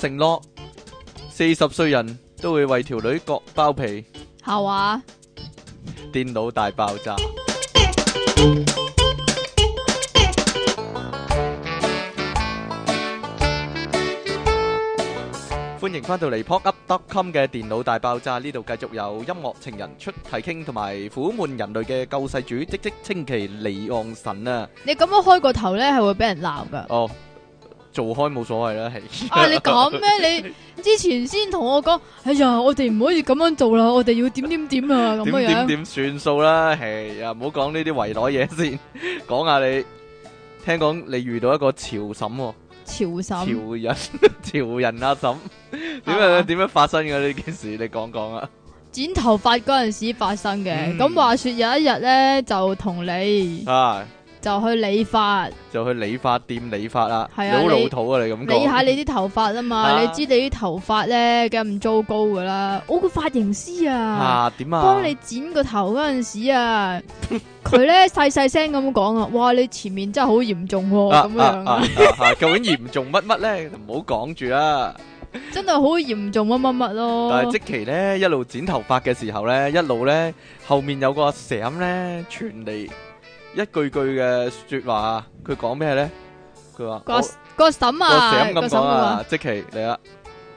成咯，四十歲人都會為條女割包皮。吓話？電腦大爆炸。歡迎翻到嚟 pockup.com 嘅電腦大爆炸呢度，繼續有音樂情人出體 king，同埋苦悶人類嘅救世主，即係積淇離岸神啊！你咁樣開個頭咧，係會俾人鬧噶。哦。做開冇所謂啦，係啊！ 你講咩？你之前先同我講，哎呀，我哋唔可以咁樣做啦，我哋要點點點啊，咁嘅樣點點算數啦，係啊！唔好講呢啲圍內嘢先，講下你聽講你遇到一個潮嬸心，潮嬸、啊、潮人、啊、潮人阿嬸，點樣點、 啊、樣發生嘅呢件事？你講講啊！剪頭髮嗰陣時發生嘅，咁、嗯、話說有一日咧就同你啊。就去理髮，就去理髮店理髮啦。係啊，好老土啊！你咁講，理下你啲頭髮啊嘛，你知你啲頭髮咧梗係唔糟糕噶啦。我個髮型師啊，點啊，幫你剪個頭嗰陣時啊，佢咧細細聲咁講啊，哇，你前面真係好嚴重，咁樣啊，究竟嚴重乜乜咧，唔好講住啦，真係好嚴重乜乜乜咯。但係即期咧一路剪頭髮嘅時候咧，一路咧後面有個蛇音咧傳嚟。一句句嘅說話，佢講咩咧？佢話：個我個嬸啊，個嬸咁講啊，積淇嚟啦！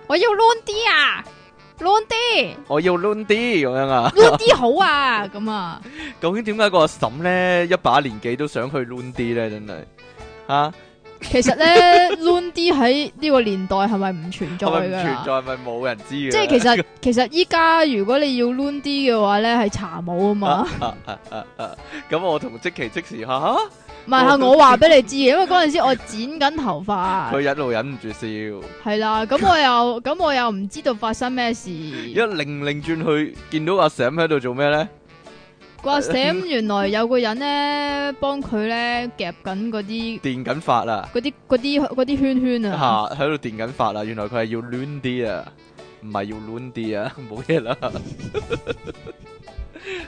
我要 run 啲啊，run 啲！我要 run 啲咁樣啊，run 啲好啊，咁啊！ 究竟點解個阿嬸咧一把年紀都想去 run 啲咧？真係，哈、啊？ 其實咧，Lundy 喺呢個年代係咪唔存在噶？係咪唔存在咪冇人知。 即係其實其實依家如果你要 Lundy 嘅話咧，係茶帽啊嘛。啊啊啊啊！咁、啊啊啊啊啊嗯、我同積淇即時吓吓。唔、啊、係，我話俾你知，因為嗰陣時我剪緊頭髮。佢一路忍唔住笑。係 啦，咁、嗯嗯、我又咁、嗯嗯、我又唔知道發生咩事。一擰擰轉去，見到阿 Sam 喺度做咩咧？個阿嬸，原來有個人咧幫佢咧夾緊嗰啲電緊髮啦，嗰啲啲啲圈圈啊，喺度電緊髮啦！原來佢係要攣啲啊，唔係要攣啲啊，冇嘢啦！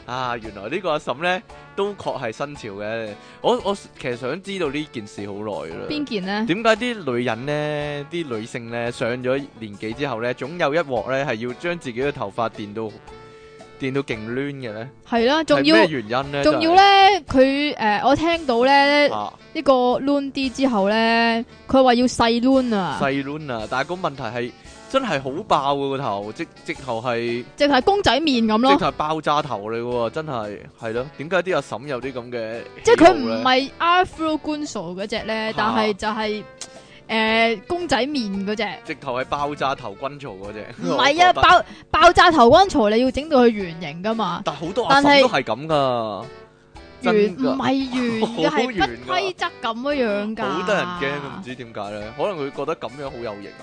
啊，原來呢個阿嬸咧都確係新潮嘅。我我其實想知道呢件事好耐啦。邊件呢？點解啲女人咧，啲女性咧，上咗年紀之後咧，總有一鑊咧係要將自己嘅頭髮電到？電到勁攣嘅咧，係啦、啊，仲要咩原因咧？仲、就是、要咧，佢誒、呃，我聽到咧呢、啊、個攣啲之後咧，佢話要細攣啊，細攣啊，但係個問題係真係好爆、那個頭，直直頭係直頭係公仔麵咁咯，直頭係爆炸頭嚟嘅，真係係咯，點解啲阿嬸有啲咁嘅？即係佢唔係 Afro Guan、so、Shaw 嗰隻咧，但係就係、是。誒、呃，公仔麵嗰隻，直頭係爆炸頭軍曹嗰隻。唔係啊，爆爆炸頭軍曹你要整到佢圓形噶嘛。但係好多都，都係咁噶。圓唔係圓，係不規則咁樣樣噶。好得人驚，唔知點解咧？可能佢覺得咁樣好有型啊？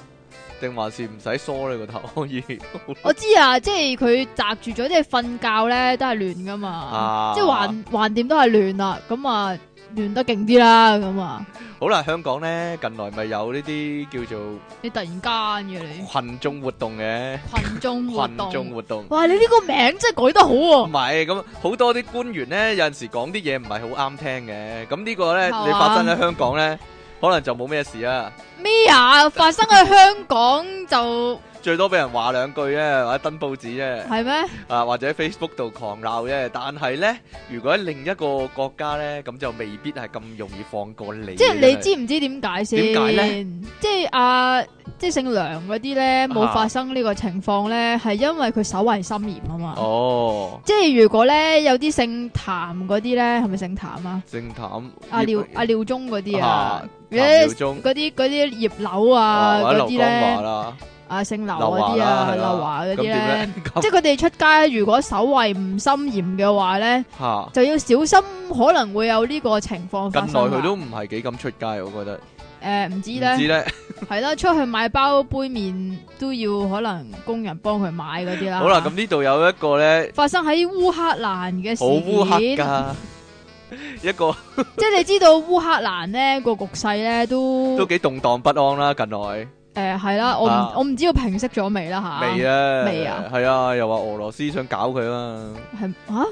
定還是唔使梳你個頭可以？ 我知啊，即係佢扎住咗，即係瞓覺咧都係亂噶嘛。啊、即係橫橫掂都係亂啦。咁啊。亂得勁啲啦咁啊！好啦，香港咧近來咪有呢啲叫做你突然間嘅你群眾活動嘅群眾活動群眾活動，哇！你呢個名真係改得好喎！唔係，咁好多啲官員咧，有陣時講啲嘢唔係好啱聽嘅。咁呢個咧，你發生喺香港咧，可能就冇咩事啊！咩啊？發生喺香港就。最多俾人話兩句啫，或者登報紙啫，係咩嗎？啊，或者 Facebook 度狂鬧啫。但係咧，如果喺另一個國家咧，咁就未必係咁容易放過你。即係你知唔知點解先？點解咧？即係阿即係姓梁嗰啲咧，冇、啊、發生呢個情況咧，係因為佢手握心嚴啊嘛。哦，即係如果咧有啲姓譚嗰啲咧，係咪姓譚啊？姓譚譚阿、啊、廖阿、啊、廖宗嗰啲啊，嗰啲嗰啲葉柳啊，嗰啲咧。啊，姓劉嗰啲啊，劉華嗰啲咧，即係佢哋出街，如果守衛唔森嚴嘅話咧，就要小心，可能會有呢個情況發生。咁耐佢都唔係幾敢出街，我覺得。誒，唔知咧。唔知咧。係啦，出去買包杯麵都要可能工人幫佢買嗰啲啦。好啦，咁呢度有一個咧。發生喺烏克蘭嘅事件。好烏克嘅。一個。即係你知道烏克蘭咧個局勢咧都都幾動盪不安啦，近來。誒，係啦，我唔我唔知道平息咗未啦吓，未啊？未啊？係啊，又話俄羅斯想搞佢啦，係啊，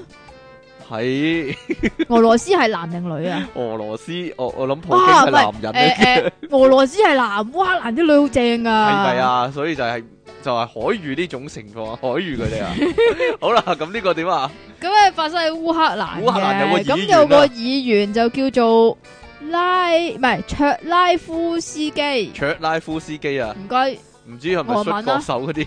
係俄羅斯係男定女啊？俄羅斯，我我諗普京係男人誒誒，俄羅斯係男，烏克蘭啲女好正噶，係咪啊？所以就係就係海魚呢種情況，海魚佢哋啊，好啦，咁呢個點啊？咁啊發生喺烏克蘭，烏克蘭有個議員啦，咁有個議員就叫做。拉唔係卓拉夫斯基，卓拉夫斯基啊！唔該煩，唔知係咪國手嗰啲？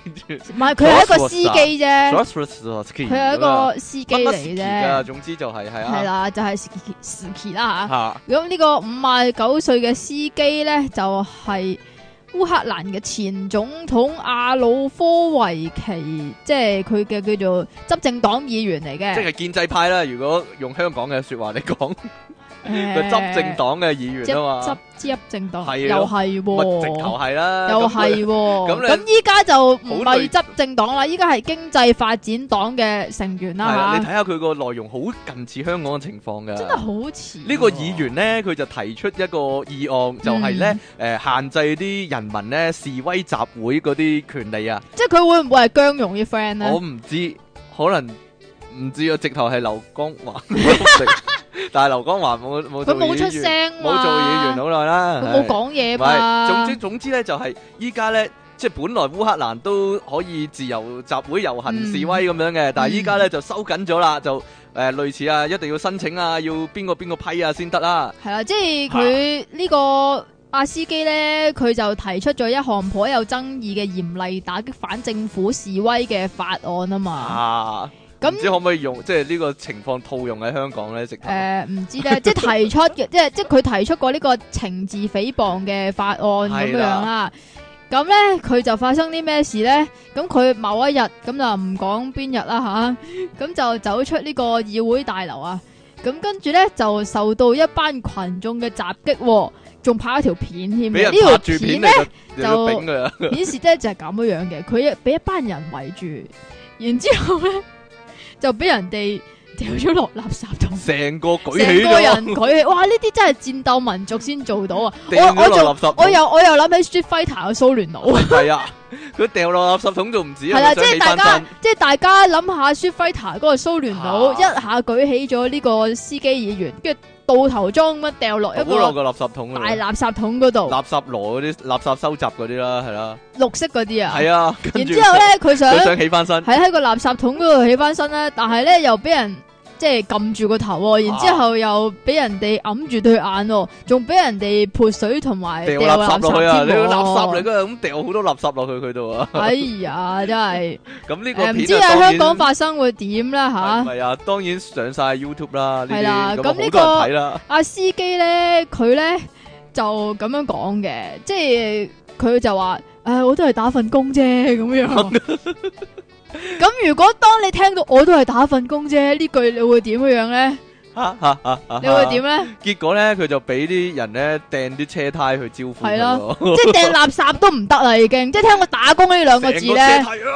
唔 係，佢係一個司機啫。佢係一個司機嚟啫。總之就係、是、係啊，係、啊就是、啦，就係 司機啦吓。咁呢個五廿九歲嘅司機咧，就係、是、烏克蘭嘅前總統亞努科維奇，即係佢嘅叫做執政黨議員嚟嘅，即係建制派啦。如果用香港嘅說話嚟講。個執政黨嘅議員啊嘛，執執政黨又係，直頭係啦，又係咁咁，依家就唔係執政黨啦，依家係經濟發展黨嘅成員啦。係啊，你睇下佢個內容好近似香港嘅情況㗎，真係好似呢個議員咧，佢就提出一個議案，就係咧誒限制啲人民咧示威集會嗰啲權利啊。即係佢會唔會係姜蓉啲 friend 咧？我唔知，可能唔知個直頭係劉江華。但係劉江華冇冇做演員，冇、啊、做演員好耐啦，冇講嘢。唔係總之總之咧就係依家咧，即係本來烏克蘭都可以自由集會、遊行、示威咁樣嘅，嗯、但係依家咧就收緊咗啦，就誒、呃、類似啊，一定要申請啊，要邊個邊個批啊先得啦。係啦、啊，即係佢、啊、呢個阿司機咧，佢就提出咗一項頗有爭議嘅嚴厲打擊反政府示威嘅法案啊嘛。啊咁、嗯、唔知可唔可以用即係呢個情況套用喺香港咧？誒、呃，唔知咧， 即係提出嘅， 即係即係佢提出過呢個懲治誹謗嘅法案咁樣啦。咁咧佢就發生啲咩事咧？咁佢某一日咁就唔講邊日啦吓，咁、啊、就走出呢個議會大樓啊。咁跟住咧就受到一班群眾嘅襲擊，仲拍咗條片添。條片片條片呢條片咧就顯示真係咁樣樣嘅，佢 一俾一班人圍住，然之後咧。 就俾人哋掉咗落垃圾桶，成個舉起，成個人舉，哇！呢啲真係戰鬥民族先做到啊！我我仲我又我又諗起 Street Fighter 個蘇聯佬，係啊，佢掉落垃圾桶仲唔止，係啊！山山即係大家，即係大家諗下 Street Fighter 嗰個蘇聯佬一下舉起咗呢個司機議員，跟住。布頭裝乜掉落一個大垃圾桶嗰度，垃圾籮嗰啲垃圾收集嗰啲啦，係啦，綠色嗰啲是啊，係啊，然之後咧，佢想，佢想起翻身，喺喺個垃圾桶嗰度起翻身啦，但係咧又俾人。即係撳住個頭，然之後又俾人哋揞住對眼，仲俾人哋潑水同埋掉垃圾紙落去，咁掉好多垃圾落去佢度。啊。哎呀，真係！咁呢 個片唔知喺、啊、然香港發生會點咧吓？唔係啊，當然上晒 YouTube 啦。係、啊、啦，咁、這個啊、呢個阿司機咧，佢咧就咁樣講嘅，即係佢就話，誒、哎，我都係打份工啫，咁樣。 咁 如果當你聽到我都係打份工啫，呢句，你會點樣呢？吓吓吓吓！你會點咧？結果咧，佢就俾啲人咧掟啲車胎去招呼，係咯，即係掟垃圾都唔得啦，已經即係聽過打工呢兩個字咧，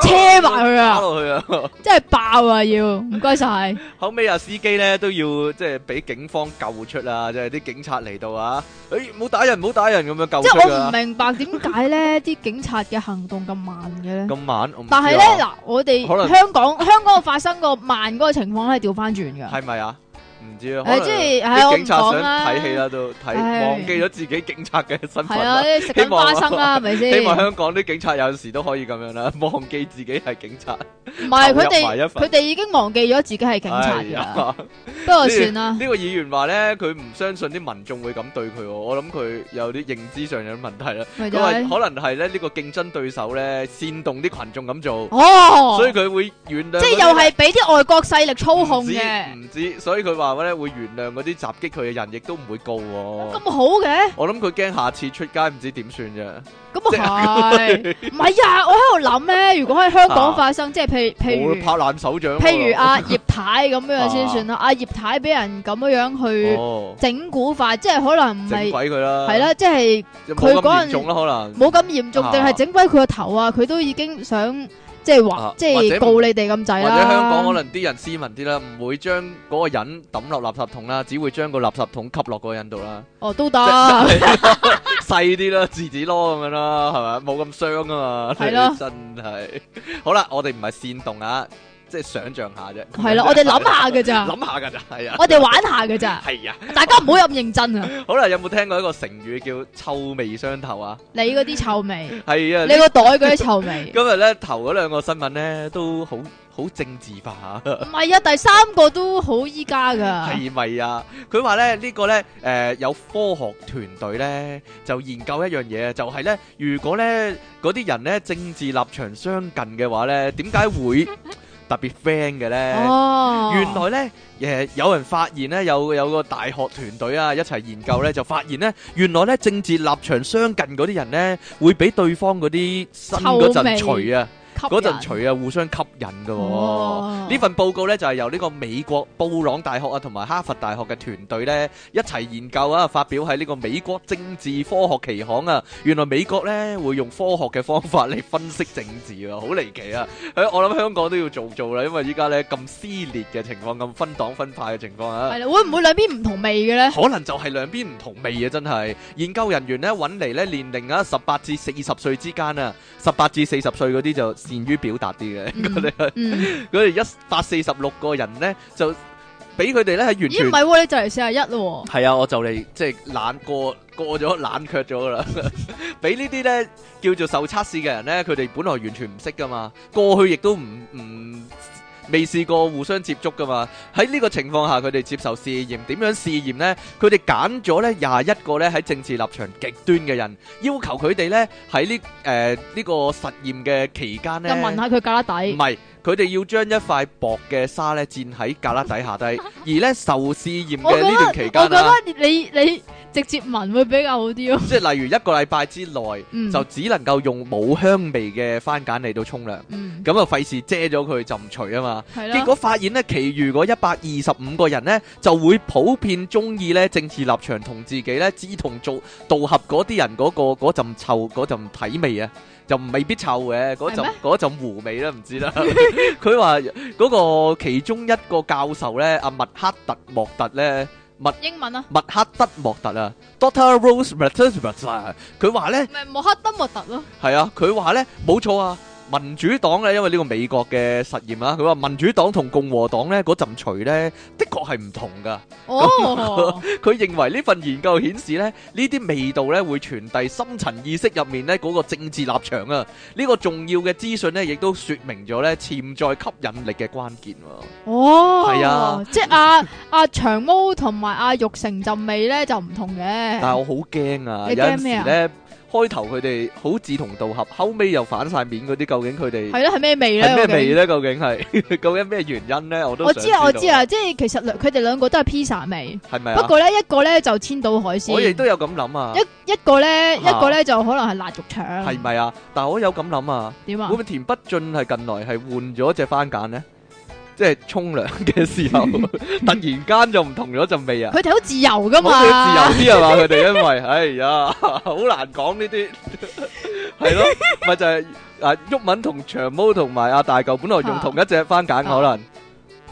車埋佢啊，打落去啊，即係爆啊！要唔該晒。後尾啊司機咧都要即係俾警方救出啦，即係啲警察嚟到啊！誒，唔好打人，唔好打人咁樣救出啊！即係我唔明白點解咧，啲警察嘅行動咁慢嘅咧？咁慢，但係咧嗱，我哋可能香港香港發生個慢嗰個情況咧，係調翻轉噶，係咪啊？唔知啊，可能啲警察想睇戲啦都，睇忘記咗自己警察嘅身份。係啊，食緊花生啦，係咪先？希望香港啲警察有陣時都可以咁樣啦，忘記自己係警察。唔係佢哋，佢哋已經忘記咗自己係警察噶。不過算啦。呢個議員話咧，佢唔相信啲民眾會咁對佢。我諗佢有啲認知上有問題啦。因為可能係咧呢個競爭對手咧煽動啲群眾咁做。哦，所以佢會原諒。即係又係俾啲外國勢力操控嘅。唔知，所以佢話。咧會原諒嗰啲襲擊佢嘅人，亦都唔會告我。咁好嘅？我諗佢驚下次出街唔知點算啫。咁啊係，唔係啊？我喺度諗咧，如果喺香港發生，即係譬如譬如會拍爛手掌，譬如阿葉太咁樣先算啦。阿葉太俾人咁樣樣去整蠱化，即係可能唔係整鬼佢啦，係啦，即係佢咁嚴重啦，可能冇咁嚴重，定係整鬼佢個頭啊？佢都已經想。即係話，即係、啊、告你哋咁滯，或者香港可能啲人斯文啲啦，唔會將嗰個人抌落垃圾桶啦，只會將個垃圾桶吸落個人度啦。哦、啊，都得，細啲啦，紙紙咯咁樣啦，係咪？冇咁傷啊嘛。係咯的，真係。 好啦，我哋唔係煽動啊。即係想象下啫，係啦，我哋諗下噶咋，諗下噶咋，係啊，我哋玩下噶咋，係 啊，大家唔好咁認真啊。 好啦，有冇聽過一個成語叫臭味相投啊？ 你嗰啲臭味係啊，你個袋嗰啲臭味。今日咧頭嗰兩個新聞咧都好好政治化吓。唔 係啊，第三個都好依家噶。係咪啊？佢話咧呢、這個咧誒、呃、有科學團隊咧就研究一樣嘢，就係、是、咧如果咧嗰啲人咧政治立場相近嘅話咧，點解會？ 特別 friend 嘅咧，哦、原來咧，誒、呃、有人發現咧，有有個大學團隊啊，一齊研究咧，就發現咧，原來咧，政治立場相近嗰啲人咧，會畀對方嗰啲新嗰陣除啊。嗰陣除啊互相吸引嘅、哦，呢、哦、份報告呢，就係、是、由呢個美國布朗大學啊同埋哈佛大學嘅團隊呢，一齊研究啊，發表喺呢個美國政治科學期刊啊。原來美國呢會用科學嘅方法嚟分析政治啊，好離奇啊！ 我諗香港都要做做啦，因為依家呢咁撕裂嘅情況，咁分黨分派嘅情況啊。係啦，會唔會兩邊唔同味嘅呢？可能就係兩邊唔同味啊！真係研究人員呢，揾嚟呢年齡啊十八至四十歲之間啊，十八至四十歲嗰啲就。善於表達啲嘅，佢哋佢哋一百四十六個人咧，就俾佢哋咧係完全，唔係喎，你就嚟四啊一咯，係啊，我就嚟即係冷過過咗冷卻咗啦，俾 呢啲咧叫做受測試嘅人咧，佢哋本來完全唔識噶嘛，過去亦都唔唔。未試過互相接觸噶嘛。喺呢個情況下，佢哋接受試驗，點樣試驗呢？佢哋揀咗呢廿一個呢，喺政治立場極端嘅人，要求佢哋呢喺呢誒呢個實驗嘅期間呢，就問下佢家底唔係。佢哋要將一塊薄嘅沙咧墊喺隔旯底下低，而咧受試驗嘅呢段期間，我覺，我覺得你你直接聞會比較好啲咯。即係例如一個禮拜之內，嗯、就只能夠用冇香味嘅番梘嚟到沖涼，咁啊費事遮咗佢就唔除啊嘛。是的 結果發現呢，其餘嗰一百二十五個人呢，就會普遍鍾意呢政治立場同自己呢志同做道合嗰啲人嗰、嗰個嗰陣臭嗰陣體味啊！就未必臭嘅，嗰陣狐味啦，唔嗎知啦。佢話嗰個其中一個教授咧，阿、啊、麥克特莫特咧，麥英文啊，麥克德莫特啊，Doctor Rose m o t e r s 佢話咧，唔係麥克德莫特咯，係啊，佢話咧，冇錯啊。民主黨咧，因為呢個美國嘅實驗啊，佢話民主黨同共和黨咧嗰陣臭咧，的確係唔同噶。哦，佢 認為呢份研究顯示咧，呢啲味道咧會傳遞深層意識入面咧嗰、那個政治立場啊。呢、這個重要嘅資訊咧，亦都說明咗咧潛在吸引力嘅關鍵、啊。哦，係啊，即係阿阿長毛同埋阿玉成陣味咧就唔同嘅。但係我好驚啊，你驚咩啊？有陣時咧。開頭佢哋好志同道合，後尾又反晒面嗰啲，究竟佢哋係咯係咩味咧？係咩味咧？究竟係究竟咩原因咧？我都我知啊，我知啊，即係其實佢哋兩個都係 pizza 味，係咪？不過咧一個咧就千島海鮮，我亦都有咁諗啊。一一個咧一個咧就可能係辣肉腸，係咪啊？但我有咁諗啊。點啊？會唔會田北俊係近來係換咗隻番梘咧？即係沖涼嘅時候，突然間就唔同咗陣味啊！佢哋好自由噶嘛，好自由啲係嘛？佢哋因為，哎呀，好難講呢啲，係咯，咪就係啊！郁文同長毛同埋阿大舊本來用同一隻番梘，可能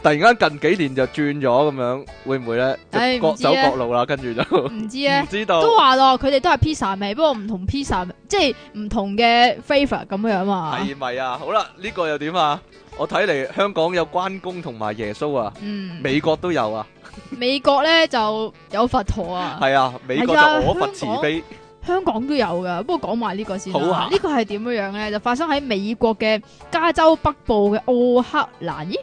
突然間近幾年就轉咗咁樣，會唔會咧？唉，唔知啊，各走各路啦，跟住就唔知咧，唔知道都話咯，佢哋都係 pizza 味，不過唔同 pizza，即係唔同嘅 flavor 咁樣啊嘛。係咪啊？好啦，呢個又點啊？我睇嚟香港有關公同埋耶穌啊，美國都有啊。美國咧就有佛陀啊。係啊，美國就我佛慈悲。香港都有噶，不過講埋呢個先啦。呢個係點樣樣咧？就發生喺美國嘅加州北部嘅奧克蘭。咦，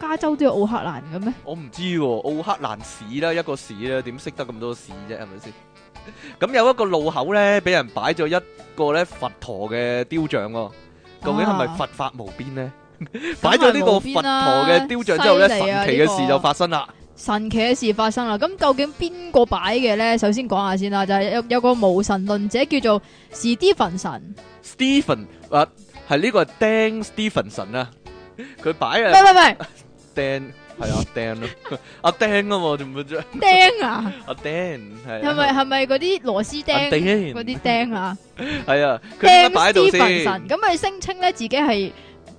加州都有奧克蘭嘅咩？我唔知喎，奧克蘭市啦，一個市咧，點識得咁多市啫？係咪先？咁有一個路口咧，俾人擺咗一個咧佛陀嘅雕像哦。究竟係咪佛法無邊呢？擺咗呢個佛陀嘅雕像之後咧，神奇嘅事就發生啦！神奇嘅事發生啦！咁究竟邊個擺嘅咧？首先講下先啦，就係、是、有有個無神論者叫做 Stephen 神。Stephen 啊，係呢、這個係 Dan Stephen 神啊，佢擺啊！唔唔唔，Dan。係 啊釘咯，阿釘啊，做乜啫？釘啊，阿釘係。係咪係咪嗰啲螺絲釘？嗰啲釘啊，係啊。釘師神，咁咪聲稱咧自己係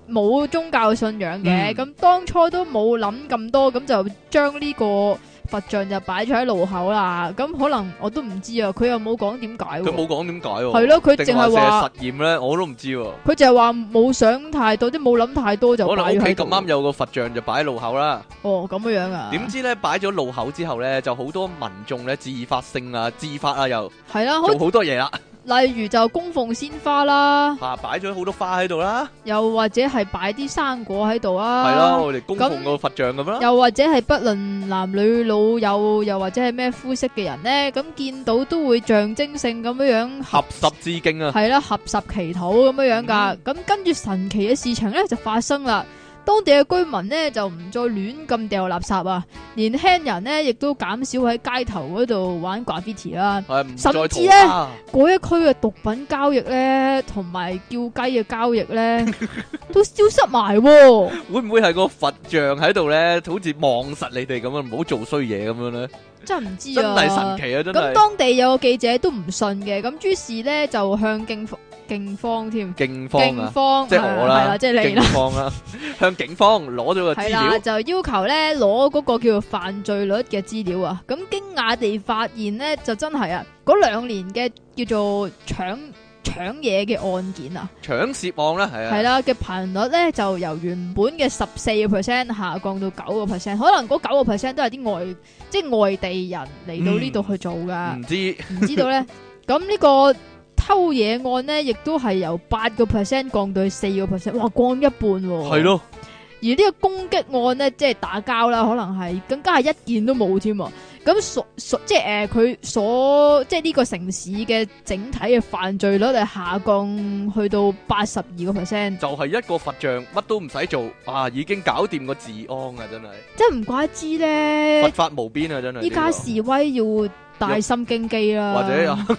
冇宗教信仰嘅，咁、嗯、當初都冇諗咁多，咁就將呢、這個。佛像就擺咗喺路口啦，咁可能我都唔知有有啊，佢又冇講點解。佢冇講點解喎？係 咯樂，佢淨係話實驗咧，我都唔知、啊。佢就係話冇想太多，即冇諗太多就擺喺度。咁啱有個佛像就擺喺路口啦。哦，咁樣樣啊？點知咧擺咗路口之後咧，就好多民眾咧自發性啊、自發啊又啊，係啦，做好多嘢啦。例如就供奉鮮花啦，吓擺咗好多花喺度啦，又或者係擺啲生果喺度啊，係咯，我哋供奉個佛像咁啦那，那又或者係不論男女老幼，又或者係咩膚色嘅人咧，咁見到都會象徵性咁樣樣合，合十致敬啊，係啦，合十祈禱咁樣樣噶，咁、嗯、跟住神奇嘅事情咧就發生啦。當地嘅居民咧就唔再亂咁掉垃圾啊，年輕人咧亦都減少喺街頭嗰度玩 graffiti 啦，甚至咧嗰家一區嘅毒品交易咧同埋叫雞嘅交易咧 都消失埋、啊， 會唔會係個佛像喺度咧，好似望實你哋咁樣，唔好做衰嘢咁樣咧？真係唔知啊，真係神奇啊！咁當地有個記者都唔信嘅，咁於是咧就向警方。警方添，警方啊，警方即係我啦，嗯啊、即係你啦，警方啦、啊， 向警方攞咗個係啦，就要求咧攞嗰個叫做犯罪率嘅資料啊。咁驚訝地發現咧，就真係啊，嗰兩年嘅叫做搶搶嘢嘅案件啊，搶竊案啦，係啊，係啦嘅頻率咧就由原本嘅十四個 percent 下降到九個 percent，可能嗰九個 percent 都係啲外即係外地人嚟到呢度去做噶，唔知唔知道咧。 咁呢、呢個。偷嘢案咧，亦都係由八個 percent 降到四個 percent，哇，降一半喎！係咯。咯而呢個攻擊案咧，即係打交啦，可能係更加係一件都冇添啊！咁、嗯、所，所即係誒，佢、呃、所即係呢個城市嘅整體嘅犯罪率係下降去到八十二個 percent，就係一個佛像乜都唔使做啊，已經搞掂個治安啊，真係！真係唔怪之咧，佛法無邊啊！真係。依家示威要。大心經機啦，或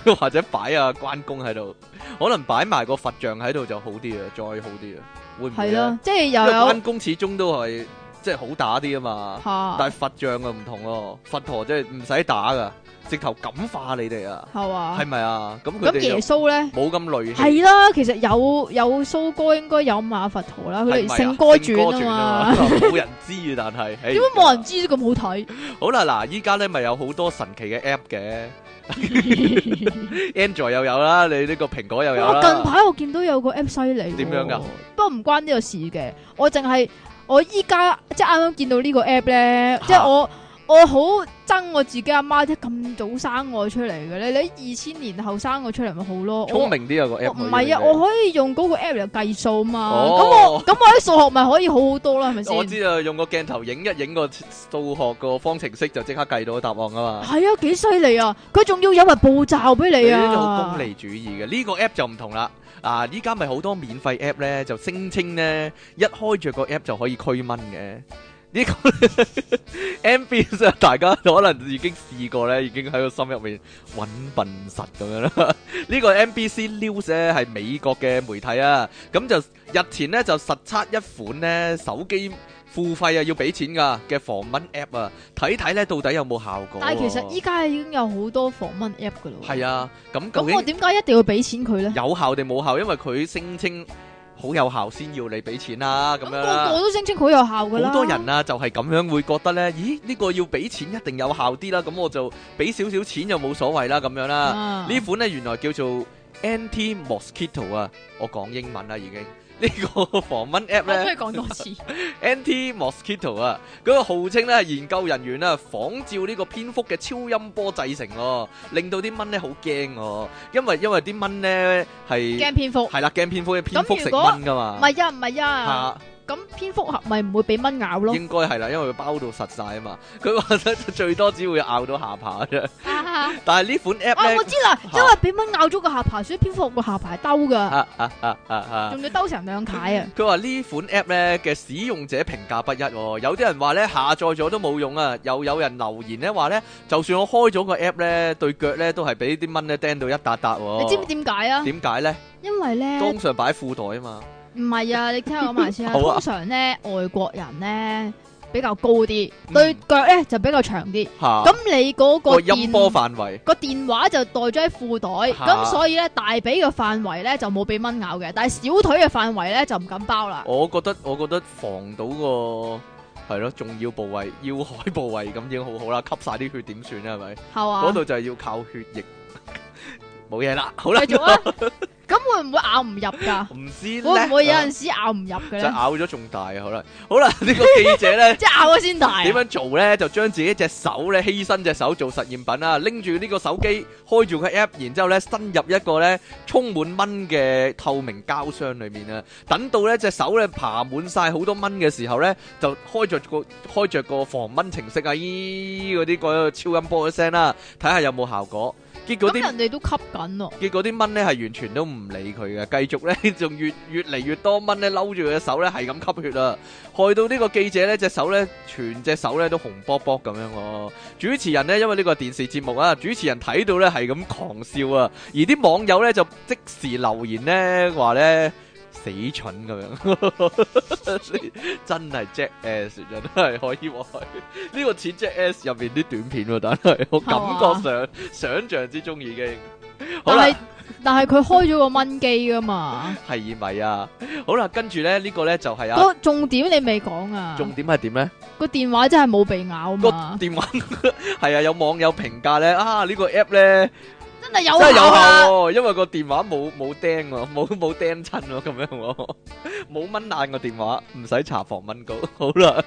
者或者擺啊關公喺度，可能擺埋個佛像喺度就好啲啊，再好啲啊，會唔會係咯，即係、就是、有關公始終都係。即係好打啲啊嘛，但係佛像又唔同咯，佛陀即係唔使打噶，直頭感化你哋啊，係咪啊？咁耶穌咧冇咁累係啦，其實有有蘇哥應該有馬佛陀啦，佢哋聖哥傳啊嘛，冇人知但係，點解冇人知都咁好睇？好啦，嗱，依家咧咪有好多神奇嘅 app 嘅，Android 又有啦，你呢個蘋果又有啦。近排我見到有個 app 犀利，點樣噶？不過唔關呢個事嘅，我淨係。我依家即係啱啱見到呢個 app 咧哈，即係我我好憎我自己阿媽啲咁早生我出嚟嘅，你你二千年後生我出嚟咪好咯？聰明啲有、啊這個 app，唔係啊，我可以用嗰個 app 嚟計數嘛。咁、oh. 我咁我啲數學咪可以好好多啦，係咪先？我知啊，用個鏡頭影一影個數學個方程式就即刻計到答案啊嘛。係啊，幾犀利啊！佢仲要有埋步驟俾你啊。呢個好功利主義嘅，呢、這個 app 就唔同啦。啊，依家咪好多免費 app 咧，就聲稱咧一開着個 app 就可以驅蚊嘅。呢個咧 NBC 大家可能已經試過咧，已經喺個心入面揾笨實咁樣啦。呢個 NBC News 咧係美國嘅媒體啊，咁就日前咧就實測一款咧手機付費啊要俾錢噶嘅防蚊 App 啊，睇睇咧到底有冇效果。但係其實依家已經有好多防蚊 App 噶啦。係啊，咁究竟點解一定要俾錢佢咧？有效定冇效？因為佢聲稱。好有效先要你俾錢、啊、啦，咁樣啦，個個都聲稱好有效嘅。好多人啊，就係、是、咁樣會覺得呢，咦？呢、呢個要俾錢一定有效啲啦，咁我就俾少少錢就冇所謂啦，咁樣啦。呢、啊、款呢原來叫做 NT Mosquito 啊，我講英文啦已經。呢個防蚊 app 咧，我可以講多次。 NT Mosquito 啊，嗰、那個號稱咧係研究人員啊，仿照呢個蝙蝠嘅超音波製成、哦，令到啲蚊咧好驚、哦，因為因為啲蚊咧係驚蝙蝠，係啦驚蝙蝠，嘅蝙蝠食蚊噶嘛，唔係呀唔係呀。咁蝙蝠俠咪唔會俾蚊咬咯？應該係啦，因為佢包到實晒啊嘛。佢話咧最多只會咬到下巴啫。但係呢款 app，我知啦，因為俾蚊咬咗個下巴，所以蝙蝠俠個下巴兜噶。啊啊啊啊啊！仲要兜成兩踩啊！佢話呢款 app 咧嘅使用者評價不一，有啲人話咧下載咗都冇用啊。又有人留言咧話咧，就算我開咗個 app 咧，對腳咧都係俾啲蚊咧叮到一笪笪。你知唔知點解啊？點解咧？因為咧，通常擺褲袋啊嘛。唔係啊，你聽我講埋先啊。通常咧，外國人咧比較高啲，對腳咧就比較長啲。吓，咁你嗰個音波範圍個電話就袋咗喺褲袋，咁所以咧大髀嘅範圍咧就冇俾蚊咬嘅，但係小腿嘅範圍咧就唔敢包啦。我覺得我覺得防到個係咯重要部位，要害部位咁已經好好啦，吸晒啲血點算咧？係咪？吓，哇！嗰度就係要靠血液。冇嘢啦，好啦。繼續啊！咁會唔會咬唔入噶？唔知咧，會唔會有陣時咬唔入嘅咧？就咬咗仲大啊！好啦，好啦，呢個記者咧，即係 咬咗先大。點樣做咧？就將自己一隻手咧，犧牲隻手做實驗品啦，拎住呢個手機，開住個 app，然之後咧，伸入一個咧充滿蚊嘅透明膠箱裏面啊！等到咧隻手咧爬滿晒好多蚊嘅時候咧，就開着個開著個防蚊程式啊！咦、哎，嗰啲、嗰個超音波嘅聲啦，睇下有冇效果。結果啲人哋都吸緊哦。結果啲蚊咧係完全都唔理佢嘅，繼續咧仲越越嚟越多蚊咧嬲住佢嘅手咧係咁吸血啦。害到呢個記者咧隻手咧全隻手咧都紅卜卜咁樣哦。主持人呢，因為呢個電視節目啊，主持人睇到咧係咁狂笑啊，而啲網友咧就即時留言咧話咧。死蠢咁樣， 真係 jackass 真係可以喎為。呢 個似 jackass 入邊啲短片，但係我感覺上、啊、想象之中已經。好啦，但係但係佢開咗個蚊機噶嘛？係咪 啊？好啦，跟住咧呢、這個咧就係、是、啊。重點你未講啊？重點係點咧？個電話真係冇被咬嘛？個電話係 啊！有網友評價咧啊、呢、這個 app 咧。真係有效喎、啊，因為個電話冇冇釘喎，冇冇釘親咁樣喎、啊，冇蚊眼個電話，唔使查防蚊膏！好啦，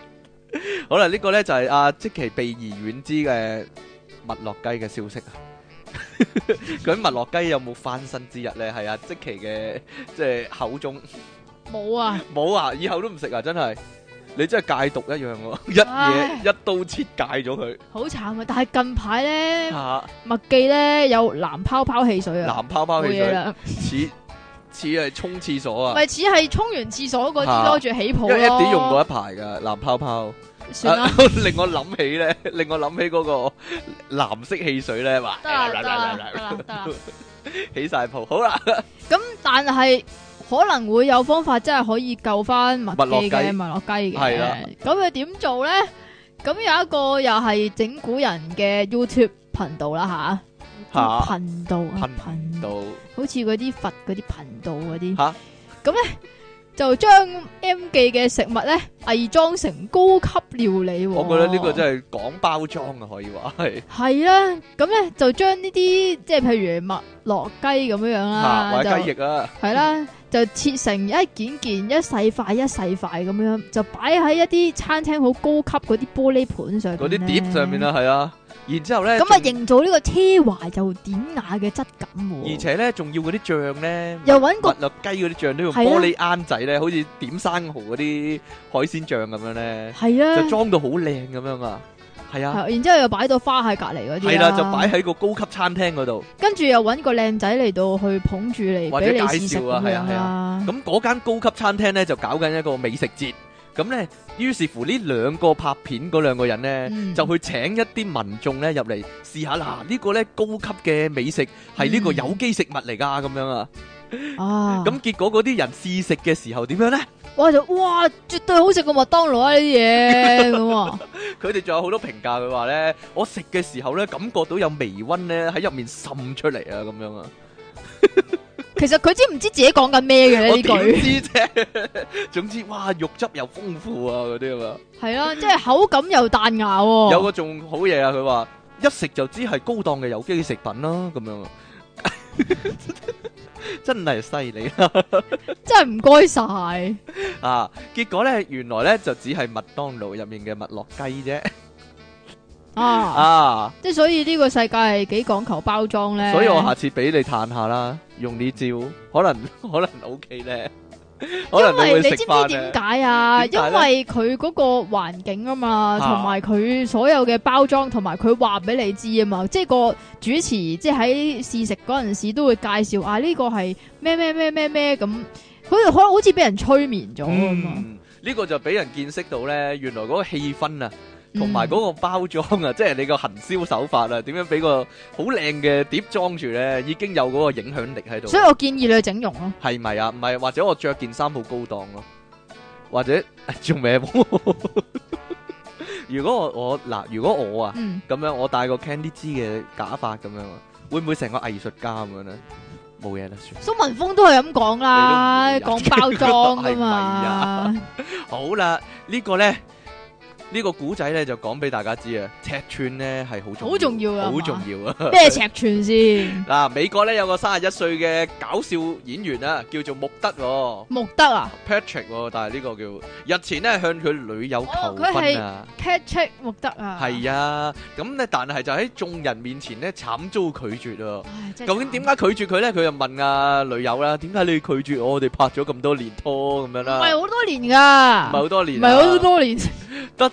好啦，呢、這個咧就係阿、啊、 積淇避而遠之嘅麥樂雞嘅消息啊。究竟麥樂雞有冇翻身之日咧？係啊，積淇嘅即係口中冇 啊，冇啊，以後都唔食啊，真係。你真係戒毒一樣喎，一嘢一刀切戒咗佢。好慘啊！但係近排咧，麥記咧有藍泡泡汽水，啊，藍泡泡汽水啊，似似係沖廁所啊，唔係，似係沖完廁所嗰啲多住起泡咯。因為 Eddie 用過一排噶藍泡泡，算啦。令我諗起咧，令我諗起嗰個藍色汽水咧，話起晒泡，好啦。咁但係。可能會有方法真係可以救翻麥記嘅麥樂雞嘅，咁佢點做咧？咁有一個又係整蠱人嘅 YouTube 頻道啦吓，啊啊、頻道、啊、頻道，好似嗰啲佛嗰啲頻道嗰啲，咁咧、啊、就將 M 記嘅食物咧偽裝成高級料理、啊。我覺得呢個真係講包裝啊，可以話係。係啦，咁咧就將呢啲即係譬如麥樂雞咁樣樣、啊、啦，或者、啊、雞翼啊，係 啦。就切成一件件、一細塊一細塊咁樣，就擺喺一啲餐廳好高級嗰啲玻璃盤上嗰啲碟上面啦、啊，係啊，然之後咧咁啊，營造呢個奢華又典雅嘅質感喎。而且咧，仲要嗰啲醬咧，又揾個雞嗰啲醬都用玻璃鈎仔咧，啊、好似點生蠔嗰啲海鮮醬咁樣咧，係啊，就裝到好靚咁樣啊。係啊，然之後又擺到花喺隔籬嗰啲，係啦、啊，就擺喺個高級餐廳嗰度。跟住又搵個靚仔嚟到去捧住嚟，俾你試食啊！係啊係啊，咁嗰、啊啊啊、間高級餐廳呢，就搞緊一個美食節。咁呢，於是乎呢兩個拍片嗰兩個人呢，嗯、就去請一啲民眾呢入嚟試下。嗱、嗯，呢個呢，高級嘅美食係呢個有機食物嚟噶，咁樣啊。啊！咁結果嗰啲人試食嘅時候點樣咧？哇！就哇，絕對好食過麥當勞啊呢啲嘢咁。佢哋仲有好多評價，佢話咧，我食嘅時候咧，感覺到有微温咧喺入面滲出嚟啊，咁樣啊。其實佢知唔知自己講緊咩嘅呢句？我點知啫？總之，哇，肉汁又豐富啊，嗰啲啊嘛。係啊，即係口感又彈牙喎。有個仲好嘢啊！佢話一食就知係高檔嘅有機食品啦，咁樣。真係犀利啦！真係唔該晒啊！結果呢，原來呢就只係麥當勞入面嘅麥樂雞啫啊啊！啊即係所以呢個世界係幾講求包裝呢？所以我下次俾你嘆下啦，用呢招可能可能 OK 呢。 因為你，你知唔知點解啊？因為佢嗰個環境啊嘛，同埋佢所有嘅包裝，同埋佢話俾你知啊嘛，即係個主持，即係喺試食嗰陣時都會介紹啊，呢、呢個係咩咩咩咩咩咁，好似可能好似俾人催眠咗啊嘛，呢、嗯呢個就俾人見識到咧，原來嗰個氣氛啊。同埋嗰個包裝啊，即係你個行銷手法啊，點樣俾個好靚嘅碟裝住咧？已經有嗰個影響力喺度。所以我建議你去整容咯。係咪啊？唔係、啊，或者我着件衫好高檔咯、啊，或者做咩？哎、 如果我我嗱，如果我啊咁、嗯、樣，樣，我戴個 Candy Z 嘅假髮咁樣啊，會唔會成個藝術家咁樣咧？冇嘢啦，算。蘇文峰都係咁講啦，講包裝啊嘛。 係係啊。 好啦，呢個、呢個咧。呢個古仔咧就講俾大家知啊，尺寸咧係好重好重要噶，好重要啊！咩尺寸先？嗱，美國咧有個三十一歲嘅搞笑演員啊，叫做穆德，穆德啊，Patrick，但係呢個叫日前咧向佢女友求婚啊，Patrick 穆德啊，係啊，咁咧但係就喺眾人面前咧慘遭拒絕啊！究竟點解拒絕佢咧？佢就問啊女友啦，點解你拒絕我？我哋拍咗咁多年拖咁樣啦？唔係好多年噶，唔係好多年，唔係好多年，得。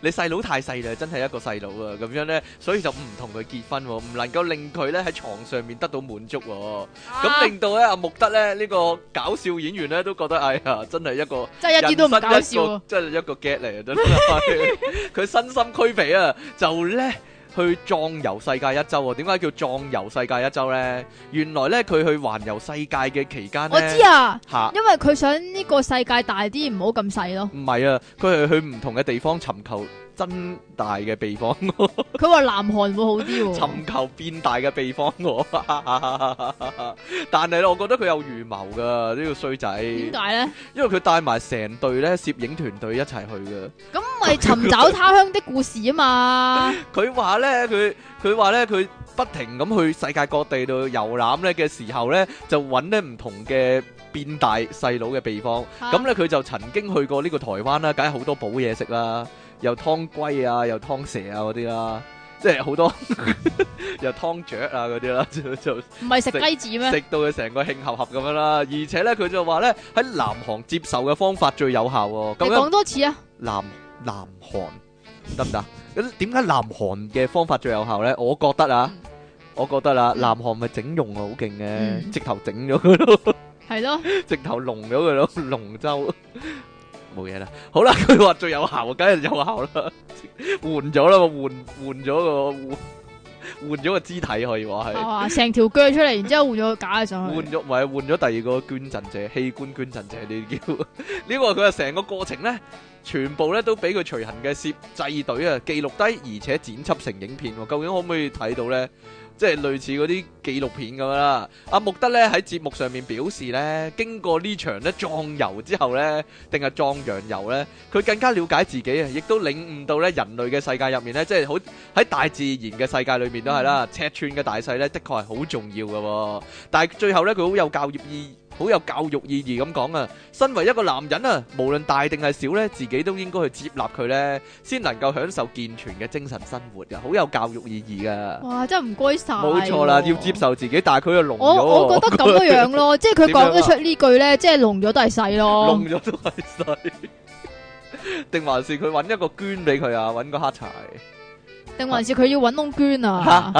你細佬太細啦，真係一個細佬啊！咁樣咧，所以就唔同佢結婚，唔能夠令佢咧喺床上面得到滿足，咁令到咧阿木德咧呢個搞笑演員咧都覺得哎呀，真係一個真係一啲都唔搞笑，真係一個 get 嚟，真係佢身心俱疲啊，就咧。去壯遊世界一周啊、哦！點解叫壯遊世界一周呢？原來呢，佢去環遊世界嘅期間咧，我知啊，吓，因為佢想呢個世界大啲，唔好咁細咯。唔係啊，佢係去唔同嘅地方尋求。真大嘅秘方，佢話南韓會好啲。尋求變大嘅秘方， 但係咧，我覺得佢有預謀噶呢個衰仔。點解呢？因為佢帶埋成隊咧攝影團隊一齊去嘅。咁咪尋找他鄉的故事啊嘛！佢話 呢，佢佢話咧，佢不停咁去世界各地度遊覽咧嘅時候呢，就揾呢唔同嘅變大細佬嘅秘方，啊。咁呢，佢就曾經去過呢個台灣啦，梗係好多補嘢食啦。又劏龜啊，又劏蛇啊嗰啲啦，即係好多，又劏雀啊嗰啲啦，就就唔係食雞子咩？食到佢成個慶合合咁樣啦，而且咧佢就話咧喺南韓接受嘅方法最有效。咁樣講多次啊！南南韓得唔得？咁點解南韓嘅方法最有效咧？我覺得啊，我覺得啦，南韓咪整容啊，好勁嘅，直頭整咗佢咯，係咯，直頭隆咗佢咯，龍舟。冇嘢啦，好啦，佢話最有效，梗係有效啦，換咗啦，換換咗個換咗個肢體可以話係、啊，哇，成條腳出嚟，然之後換咗個假嘅上去，換咗唔係換咗第二個捐贈者器官捐贈者呢？呢個佢係成個過程咧，全部咧都俾佢隨行嘅攝製隊啊記錄低，而且剪輯成影片，究竟可唔可以睇到咧？即係類似嗰啲紀錄片咁啦。阿、啊、穆德咧喺節目上面表示咧，經過場呢場咧壯遊之後咧，定係壯陽遊咧，佢更加了解自己啊，亦都領悟到咧人類嘅世界入面咧，即係好喺大自然嘅世界裏面都係啦，嗯、尺寸嘅大細咧，的確係好重要嘅、哦。但係最後咧，佢好有教業意義。好有教育意義咁講啊！身為一個男人啊，無論大定係小呢，自己都應該去接納佢呢，先能夠享受健全嘅精神生活嘅，好有教育意義噶。哇！真係唔該晒。冇錯啦，要接受自己，但係佢又濃咗。我我覺得咁樣咯，即係佢講得出呢句呢，即係濃咗都係細咯。濃咗都係細，定還是佢揾一個捐俾佢啊？揾個黑柴。定還是佢要揾窿捐啊！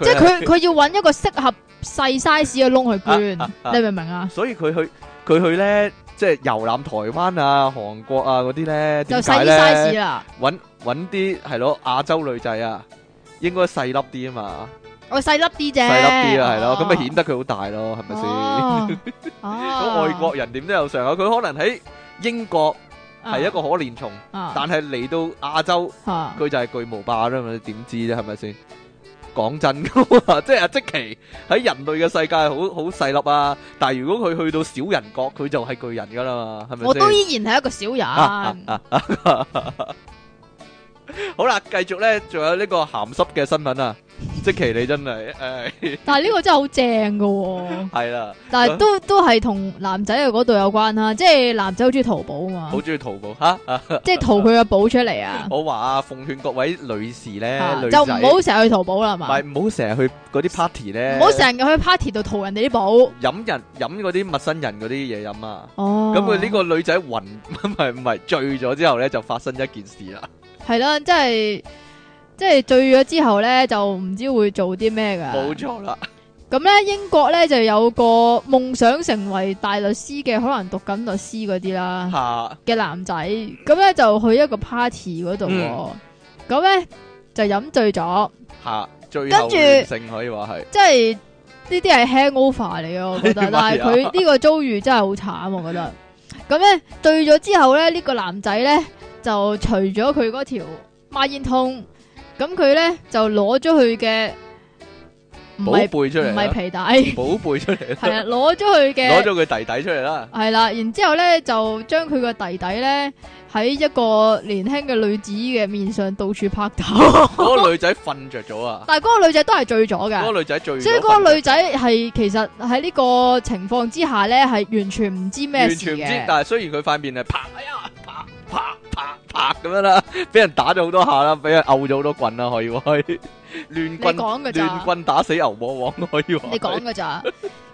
即係佢佢要揾一個適合細 size 嘅窿去捐，你明唔明啊？所以佢去佢去咧，即係遊覽台灣啊、韓國啊嗰啲咧，點解咧？就細啲 size 啦。揾揾啲係咯亞洲女仔啊，應該細粒啲啊嘛。我細粒啲啫。細粒啲啊，係咯，咁咪顯得佢好大咯，係咪先？咁外國人點都有上啊？佢可能喺英國。係一個可憐蟲，啊、但係嚟到亞洲佢、啊、就係巨無霸啦，你點知啫？係咪先？講真噶， 即係阿積淇喺人類嘅世界好好細粒啊！但係如果佢去到小人國，佢就係巨人噶啦嘛，係咪？我都依然係一個小人。 好啦，繼續咧，仲有呢個鹹濕嘅新聞啊！ 即其你真係，哎、但係呢個真係好正㗎喎。係啦 的，但係都、啊、都係同男仔嘅嗰度有關啊！即係男仔好中意淘寶啊嘛，好中意淘寶吓， 即係淘佢個寶出嚟啊！ 我話啊，奉勸各位女士咧、啊，就唔好成日去淘寶啦，係嘛？唔係唔好成日去嗰啲 party 咧，唔好成日去 party 度淘寶人哋啲寶，飲人飲嗰啲陌生人嗰啲嘢飲啊！哦、啊，咁佢呢個女仔暈，唔係唔係醉咗之後咧，就發生一件事啦。 係啦，即係即係醉咗之後咧，就唔知會做啲咩噶。冇錯錯啦。咁咧，英國咧就有個夢想成為大律師嘅，可能讀緊律師嗰啲啦。吓、啊。嘅男仔，咁咧就去一個 party 嗰度，咁咧、嗯、就飲醉咗。吓、啊，最後性可以話係。即係呢啲係 hangover 嚟嘅，我覺得。嗎但係佢呢個遭遇真係好慘， 我覺得。咁咧醉咗之後咧，呢、這個男仔咧。就除咗佢嗰條孖煙筒，咁佢咧就攞咗佢嘅寶貝出嚟，唔係皮帶，寶貝出嚟， 係啊，攞咗佢嘅，攞咗佢弟弟出嚟啦。係啦，然之後咧就將佢個弟弟咧喺一個年輕嘅女子嘅面上到處拍頭。嗰 個女仔瞓着咗啊！但係嗰個女仔都係醉咗嘅。嗰個女仔醉，所以嗰個女仔係其實喺呢個情況之下咧係完全唔知咩事嘅。完全唔知，但係雖然佢塊面係拍，哎、啊、呀，拍拍。啪啪咁樣啦，俾人打咗好多下啦，俾人毆咗好多棍啦，可以亂棍亂棍打死牛魔王可以。你講噶咋？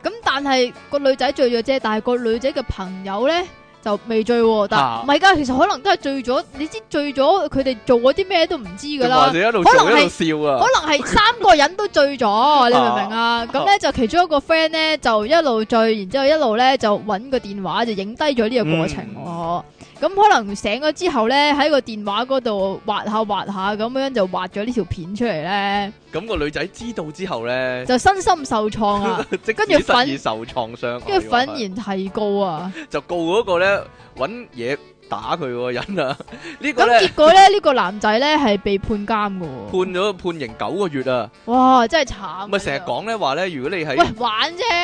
咁但係個女仔醉咗啫，但係個女仔嘅朋友咧就未醉，但係唔係噶，其實可能都係醉咗。你知醉咗佢哋做咗啲咩都唔知噶啦。佢哋一路笑啊，可能係三個人都醉咗，你明唔明啊？咁咧就其中一個 friend 咧就一路醉，然之後一路咧就搵個電話就影低咗呢個過程。咁可能醒咗之後咧，喺個電話嗰度畫下畫下，咁樣就畫咗呢條片出嚟咧。咁個女仔知道之後咧，就身心受創啊，跟住憤受創傷，跟住憤然提告啊，就告嗰個咧搵嘢打佢喎人啊。呢個咁結果咧，呢個男仔咧係被判監噶，判咗判刑九個月啊！哇，真係慘。咪成日講咧話咧，如果你係喂，玩啫，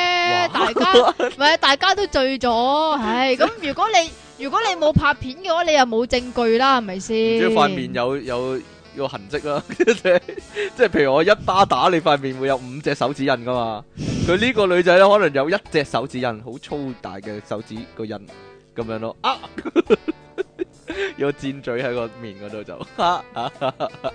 大家咪大家都醉咗，係，咁如果你。如果你冇拍片嘅話，你又冇證據是是啦，係咪先？塊面有有個痕跡啦，即係譬如我一巴打你塊面，會有五隻手指印噶嘛。佢呢 個女仔咧，可能有一隻手指印，好粗大嘅手指個印咁樣咯。啊， 有箭嘴喺個面嗰度就。啊啊啊啊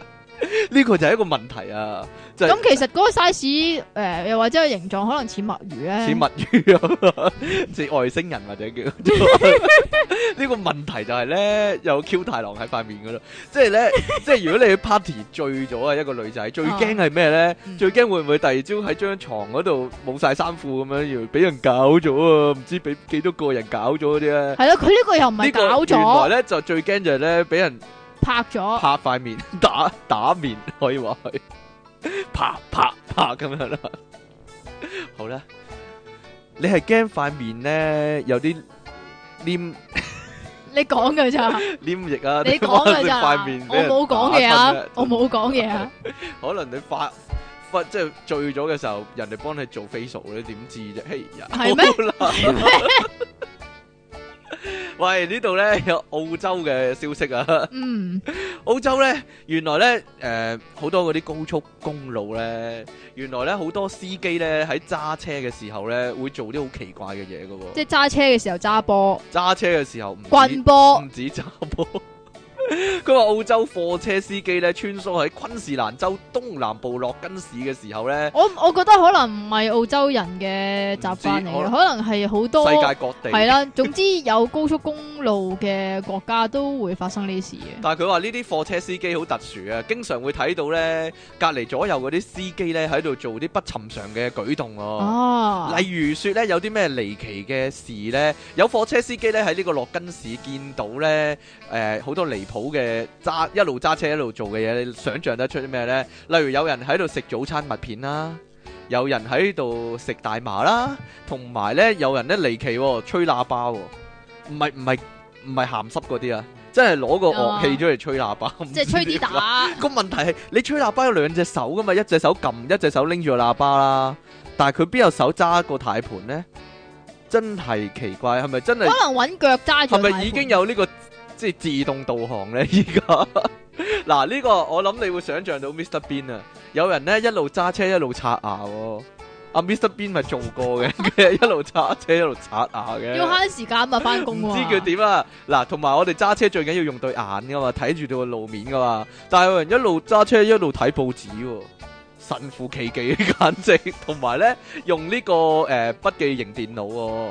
呢 個就係一個問題啊！咁，就是嗯，其實嗰個 size 誒，呃，又或者個形狀可能似墨魚咧，似墨魚啊，似 外星人或者叫呢個問題就係咧，有 Q 太郎喺塊面噶咯，即係咧，即係 如果你去 party 醉咗啊，一個女仔最驚係咩咧？最驚，啊嗯，會唔會第二朝喺張床嗰度冇晒衫褲咁樣，要俾人搞咗啊？唔知俾幾多個人搞咗啲啊？係咯，佢呢個又唔係搞咗，原來咧就最驚就係咧俾人。拍咗拍塊面，打打面可以話佢？啪啪啪咁樣啦。 好啦，你係驚塊面咧有啲黏？你講噶咋？黏液啊！你講噶咋？塊面！我冇講嘢啊！我冇講嘢啊！ 可能你發發即係醉咗嘅時候，人哋幫你做 face 熟咧，你點知啫？嘿呀啦，係咩？喂，呢度呢有澳洲嘅消息啊！嗯，澳洲呢，原來呢，誒、呃，好多嗰啲高速公路呢，原來呢好多司機呢，喺揸車嘅時候呢，會做啲好奇怪嘅嘢噶，即係揸車嘅時候揸波，揸車嘅時候唔棍波，唔止揸波。佢話澳洲貨車司機咧穿梭喺昆士蘭州東南部洛根市嘅時候咧，我我覺得可能唔係澳洲人嘅習慣嚟嘅，可能係好多世界各地係啦的。 總之有高速公路嘅國家都會發生呢啲事嘅。但係佢話呢啲貨車司機好特殊啊，經常會睇到咧隔籬左右嗰啲司機咧喺度做啲不尋常嘅舉動哦、啊。啊、例如說咧有啲咩離奇嘅事咧，有貨車司機咧喺呢個洛根市見到咧，誒、呃、好多離。好嘅揸一路揸車一路做嘅嘢，你想象得出啲咩呢？例如有人喺度食早餐麥片啦，有人喺度食大麻啦，同埋呢，有人呢離奇、哦、吹，喇叭喇叭喇吹喇叭，唔係唔係唔係鹹濕嗰啲啊，真係攞個樂器出嚟吹喇叭。即係吹啲打。個問題係你吹喇叭有兩隻手噶嘛，一隻手撳，一隻手拎住個喇叭啦。但係佢邊有手揸個大盤呢？真係奇怪，係咪真係？可能揾腳揸住大盤。係咪已經有呢、呢個？即係自動導航咧，依家嗱，呢個我諗你會想象到 Mr. Bean 啊，有人咧，一路揸車一路刷牙、哦，阿、啊、Mr. Bean 咪做過嘅，佢係 一路揸車一路刷牙嘅，要慳時間啊，啊，啊嘛，翻工唔知佢點啊？嗱，同埋我哋揸車最緊要用對眼噶嘛，睇住對個路面噶嘛，但係有人一路揸車一路睇報紙，神乎其技，簡直同埋咧，用呢、這個誒筆、呃、記型電腦、哦，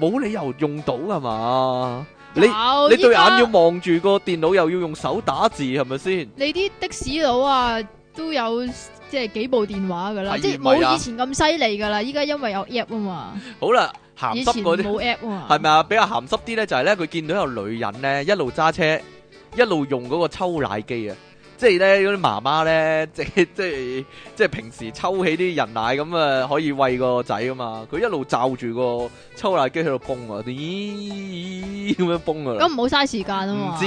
冇理由用到噶嘛。你你對眼要望住個電腦，又要用手打字，係咪先？你啲的、的士佬啊，都有即係幾部電話噶啦，啊、即係冇以前咁犀利噶啦。依家因為有 app 啊嘛。好啦，鹹濕嗰啲冇 app 啊，係咪啊？比較鹹濕啲咧，就係咧佢見到有女人咧，一路揸車，一路用嗰個抽奶機啊。即係咧嗰啲媽媽咧，即係即係即係平時抽起啲人奶咁啊，可以餵個仔㗎嘛。佢一路罩住個抽奶機喺度泵啊，咦？咁樣泵啊？啦。咁唔好嘥時間啊嘛。唔知，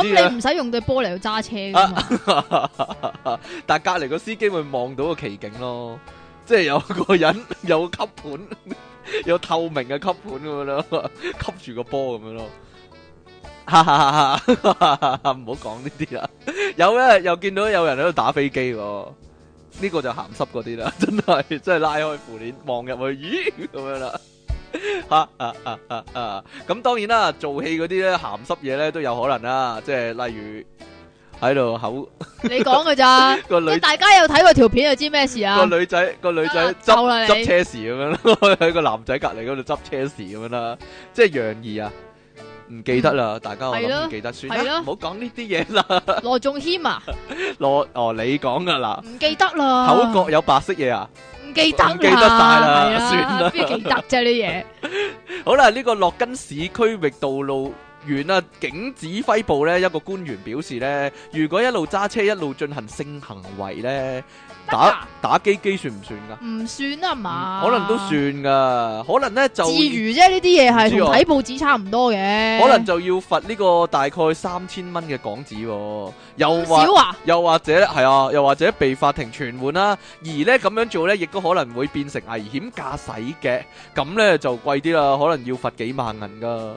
咁你唔使用對波嚟去揸車？但係隔籬個司機會望到個奇景咯，即係有個人有個吸盤，有透明嘅吸盤咁樣吸住個波咁樣咯。哈，哈哈哈！唔好講呢啲啦，有咧又見到有人喺度打飛機喎，呢、這個就鹹濕嗰啲啦，真係真係拉開褲鏈望入去，咦咁樣啦，啊啊啊啊！咁 當然啦，做戲嗰啲咧鹹濕嘢咧都有可能啦，即係例如喺度口你講嘅咋？個 女大家有睇過條片就知咩事啊？個 女仔個女仔執執車匙咁樣啦，喺 個男仔隔籬嗰度執車匙咁樣啦，即係楊怡啊！唔記得啦，大家我都唔記得，算啦，唔好講呢啲嘢啦。羅仲謙啊，羅哦，你講噶啦，唔記得啦，口角有白色嘢啊，唔記得啦，唔記得晒啦，算啦，邊記得啫啲嘢。好啦，呢個洛根市區域道路遠啦，警指揮部咧一個官員表示咧，如果一路揸車一路進行性行為咧。打打機機算唔算噶？唔算啊嘛、嗯，可能都算噶，可能咧就。至於啫，呢啲嘢係同睇報紙、啊、差唔多嘅。可能就要罰呢個大概三千蚊嘅港紙、啊，又或少、啊、又或者係啊，又或者被法庭傳喚啦。而咧咁樣做咧，亦都可能會變成危險駕駛嘅，咁咧就貴啲啦，可能要罰幾萬銀噶。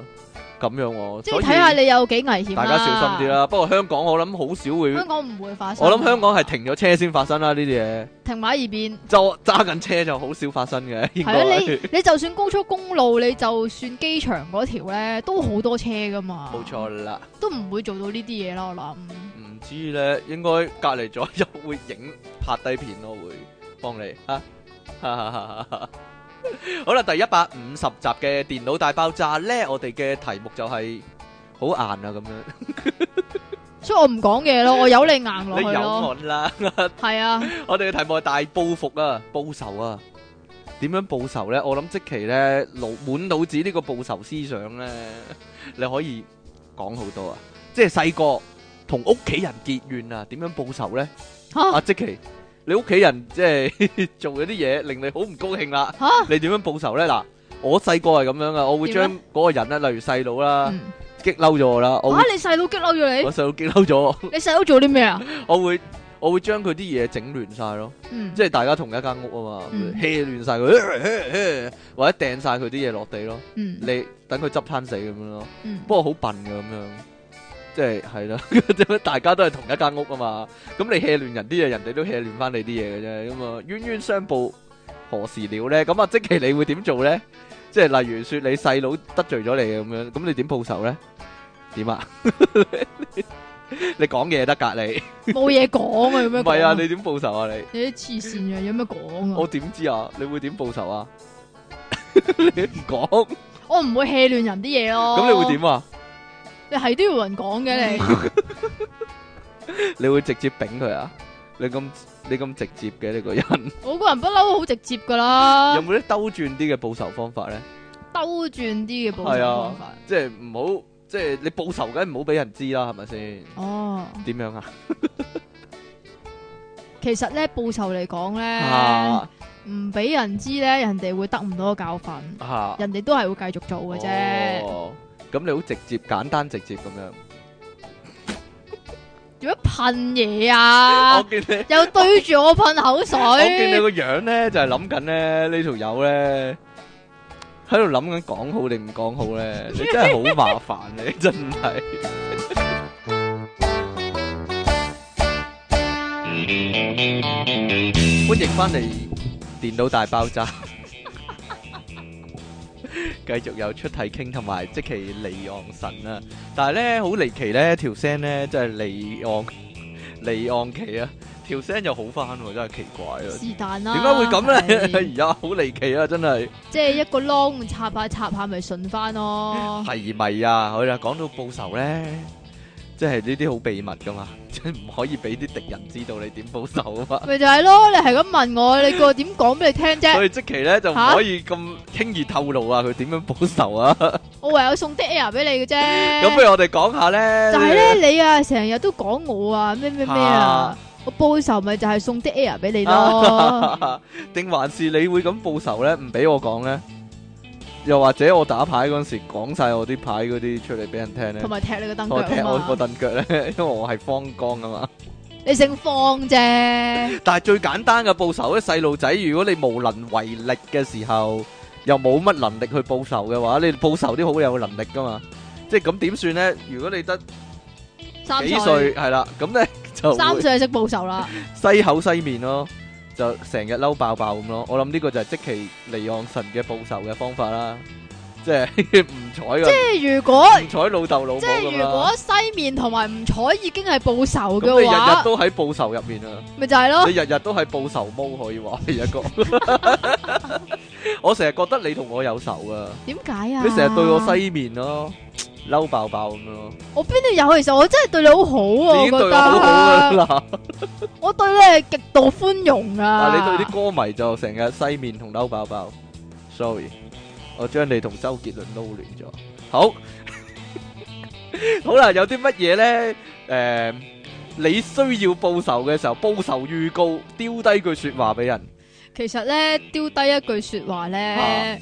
咁樣、啊、即係睇下你有幾危險，大家小心啲啦。 不過香港我諗好少會。香港唔會發生。我諗香港係停咗車先發生啦，呢啲嘢。停埋一邊。就揸緊車就好少發生嘅。係咯、啊，你你就算高速公路，你就算機場嗰條咧，都好多車噶嘛。冇錯錯啦。都唔會做到呢啲嘢啦，我諗。唔知咧，應該隔離咗又會影拍，拍低片咯，會幫你啊。 好啦，第一百五十集嘅電腦大爆炸咧，我哋嘅題目就係好硬啊，咁樣， 所以我唔講嘢咯，我有你硬落去咯。 你由我啦，係啊， 我哋嘅題目係大報復啊，報仇啊，點樣報仇咧？我諗積淇咧腦滿腦子呢個報仇思想咧，你可以講好多啊，即係細個同屋企人結怨啊，點樣報仇咧？阿哈、啊、積淇。你屋企人即係做咗啲嘢令你好唔高興啦，你點樣報仇咧？嗱，我細個係咁樣啊，我會將嗰個人咧，例如細佬啦，激嬲咗我啦，嚇你細佬激嬲咗你？我細佬激嬲咗我。你細佬做咗啲咩啊？我會我會將佢啲嘢整亂曬咯，嗯，即係大家同一間屋啊嘛，hea 亂曬佢，或者掟曬佢啲嘢落地咯，嗯，你等佢執餐死咁樣咯，不過好笨噶咁樣。即係係啦，點解大家都係同一間屋啊嘛？咁你氣亂人啲嘢，人哋都氣亂翻你啲嘢嘅啫，咁啊冤冤相報何時了咧？咁啊，即期你會點做咧？即係例如說你細佬得罪咗你咁樣，咁你點報仇咧？點啊？你講嘢得噶你？冇嘢講啊？咁樣唔係啊？你點報仇啊？你你黐線嘅，有咩講啊？我點知啊？你會點報仇啊？你唔講？我唔會氣亂人啲嘢咯。咁你會點啊？你係都要人講嘅你， 你會直接頂佢啊？你咁你咁直接嘅，呢個人？ 我個人不嬲，都好直接噶啦。 有冇啲兜轉啲嘅報仇方法咧？兜轉啲嘅報仇方法，即係唔好，即係你報仇梗唔好俾人知啦，係咪先？哦，點樣啊？其實咧，報仇嚟講咧，唔俾、啊、人知咧，人哋會得唔到個教訓，啊、人哋都係會繼續做嘅啫。哦咁你好直接簡單直接咁樣，點樣噴嘢啊？又對住我噴口水。我見你個樣咧，就係諗緊咧，呢條友咧喺度諗緊講好定唔講好咧？你真係好麻煩，你真係。歡迎返嚟，電腦大爆炸。繼續有出體 king 同埋積淇離岸神啊，但係咧好離奇咧，條聲咧真係離岸離岸積淇啊，條聲又好返、啊，真係奇怪啊！是但啦，點解會咁咧？而家好是、哎、離奇啊！真係，即係一個窿插下插下咪順返咯，係咪啊？佢啊講到報仇咧。即係呢啲好秘密噶嘛，即係唔可以俾啲敵人知道你點報仇啊嘛，咪就係咯，你係咁問我，你個點講俾你聽啫，所以即期咧就唔可以咁輕易透露啊佢點樣報仇啊，我唯有送啲 air 俾你嘅啫，咁不如我哋講下咧，就係咧你啊成日都講我啊咩咩咩啊，我報仇咪就係送啲 air 俾你咯，定還是你會咁報仇咧唔俾我講咧？又或者我打牌嗰時講晒我啲牌嗰啲出嚟俾人聽咧，同埋踢你個凳腳啊！我踢我個凳腳咧，因為我係方剛啊嘛。你姓方啫。但係最簡單嘅報仇咧，細路仔如果你無能為力嘅時候，又冇乜能力去報仇嘅話，你報仇啲好有能力噶嘛？即係咁點算咧？如果你得三幾歲係啦，咁咧就三歲識報仇啦，西口西面咯。就成日嬲爆爆咁咯，我諗呢個就係積淇離岸神嘅報仇嘅方法啦，即係唔睬嘅，唔睬老豆老母咁啊！即係如果西面同埋唔睬已經係報仇嘅話，咁你日日都喺報仇入面啊，咪就係咯，你日日都係報仇冇可以話係啊！我成日覺得你同我有仇㗎，點解啊？你成日對我西面咯。嬲爆爆咁咯！我邊度有？其實我真係對你好好啊，我覺得。已經對你好好啦。我對你係極度寬容啊！你對啲歌迷就成日西面同嬲爆爆。Sorry，我將你同周杰倫撈亂咗。好，好啦，有啲乜嘢咧？誒，你需要報仇嘅時候，報仇預告，丟低句説話俾人。其實咧，丟低一句説話咧。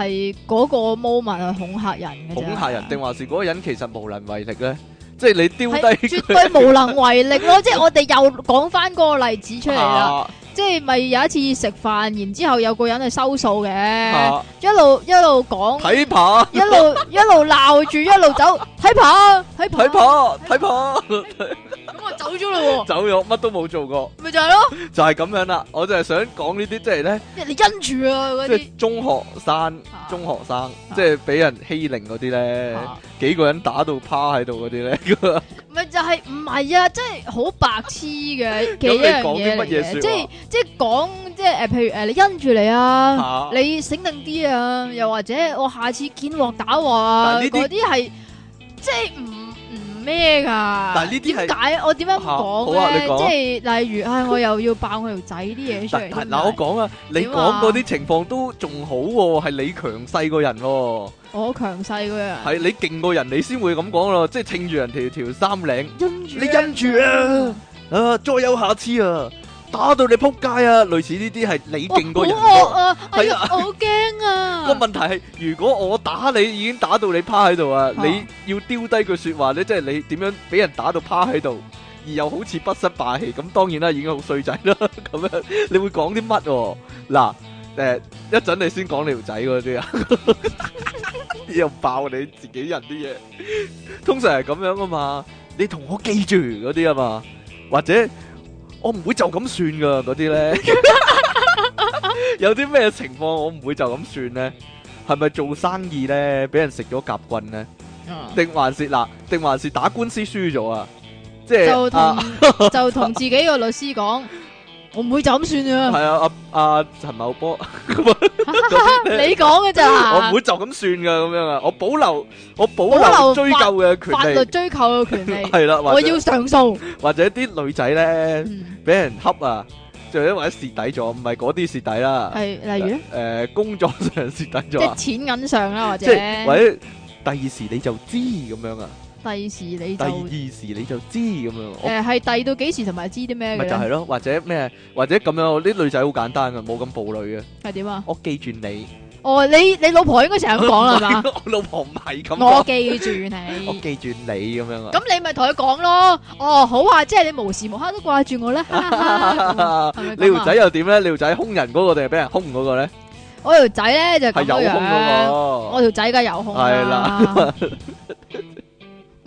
係嗰個 moment 去恐吓人嘅，恐吓人定話是嗰個人其實無能為力咧，即係你丟低絕對無能為力咯。即係我哋又講翻嗰個例子出嚟啦，即係咪有一次食飯，然之後有個人去收數嘅，一路一路講，睇怕，一路一路鬧住一路走，睇怕睇怕睇怕睇怕。走咗咯，走咗乜都冇做過，咪就係咯，就係咁樣啦。我就係想講呢啲，即係咧，你因住啊，即係中學生，中學生即係俾人欺凌嗰啲咧，幾個人打到趴喺度嗰啲咧，咪就係唔係啊？即係好白痴嘅幾樣嘢，即係即係講，即係誒，譬如誒，你因住你啊，你醒定啲啊，又或者我下次見鑊打鑊啊，嗰啲係即係唔。咩㗎？點解我點樣講咧？啊好啊你啊，即係例如，唉， 我又要爆是是我條仔啲嘢出嚟。嗱，我講啊，你講嗰啲情況都仲好喎，啊，係你強勢個人，啊，人。我強勢個人，啊。係你勁個人，你先會咁講咯。即係蹭住人條條衫領，著你因住啊，啊，再有下次啊！打到你扑街啊！類似呢啲係你勁過人啊。係吧、哎、啊，好驚啊！個問題係如果我打你已經打到你趴喺度啊，你要丟低句說話咧，即係你點樣俾人打到趴喺度，而又好似不失霸氣咁，當然啦，已經好衰仔啦。咁 樣你會講啲乜？嗱，誒，一陣你先講條仔嗰啲啊，又爆你自己人啲嘢，通常係咁樣啊嘛。你同我記住嗰啲啊嘛，或者。我唔會就咁算噶，嗰啲咧， 有啲咩情況我唔會就咁算咧？係咪做生意咧，俾人食咗夾棍咧？定、uh huh. 還是嗱？定還是打官司輸咗跟啊？即係就同就同自己個律師講。 我唔會就咁算啊！係啊，阿阿陳茂波，你講嘅咋？我唔會就咁算噶，咁樣啊！我保留我保留追究嘅權利，法律追究嘅權利係啦，我要上訴。或者啲女仔咧，俾人恰啊，就因為蝕底咗，唔係嗰啲蝕底啦。係例如咧，誒，工作上蝕底咗，即係錢銀上啦，或者或者第二時你就知咁樣啊。第時你就第二時你就知咁樣，誒係第到幾時同埋知啲咩嘅？咪就係咯，或者咩？或者咁樣？啲女仔好簡單噶，冇咁暴女嘅。係點啊？我記住你。哦，你你老婆應該成日咁講啦，係嘛？我老婆唔係咁。我記住你，我記住你咁樣啊？咁你咪同佢講咯。哦，好啊，即係你無時無刻都掛住我咧。你條仔又點咧？你條仔兇人嗰個定係俾人兇嗰個咧？我條仔咧就係有兇噶喎。我條仔梗有兇。係啦。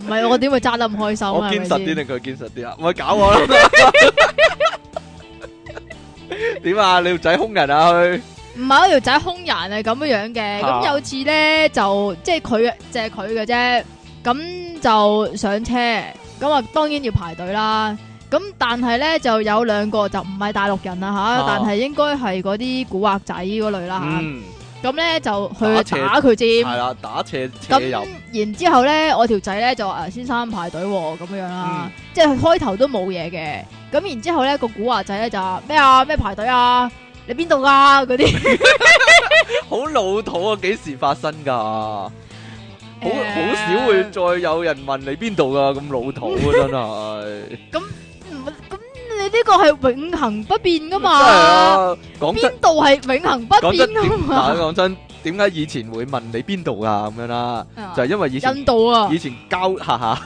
唔係我點會揸得咁開心啊！我堅實啲定佢堅實啲啊，唔係搞我咯！點啊，你條仔凶人啊？佢唔係啊，我條仔凶人係咁樣樣嘅。咁有次咧，就即係佢借佢嘅啫。咁就上車，咁啊，當然要排隊啦。咁但係咧，就有兩個就唔係大陸人啦吓，但係應該係嗰啲古惑仔嗰類啦。咁咧就去打佢尖，係啦，打斜斜入。然之後咧，我條仔咧就話：先生排隊咁、哦、樣啦，嗯、即係開頭都冇嘢嘅。咁然之後咧，個古惑仔咧就咩啊？咩排隊啊？你邊度噶？嗰啲好老土啊！幾時發生噶、欸？好好少會再有人問你邊度噶？咁老土、啊、真係。 嗯 嗯 呢個係永恒不變噶嘛，真係啊！講真，邊度係永恒不變噶嘛？講真，點解以前會問你邊度啊？咁樣啦，就係因為以前印度啊，以前交吓吓，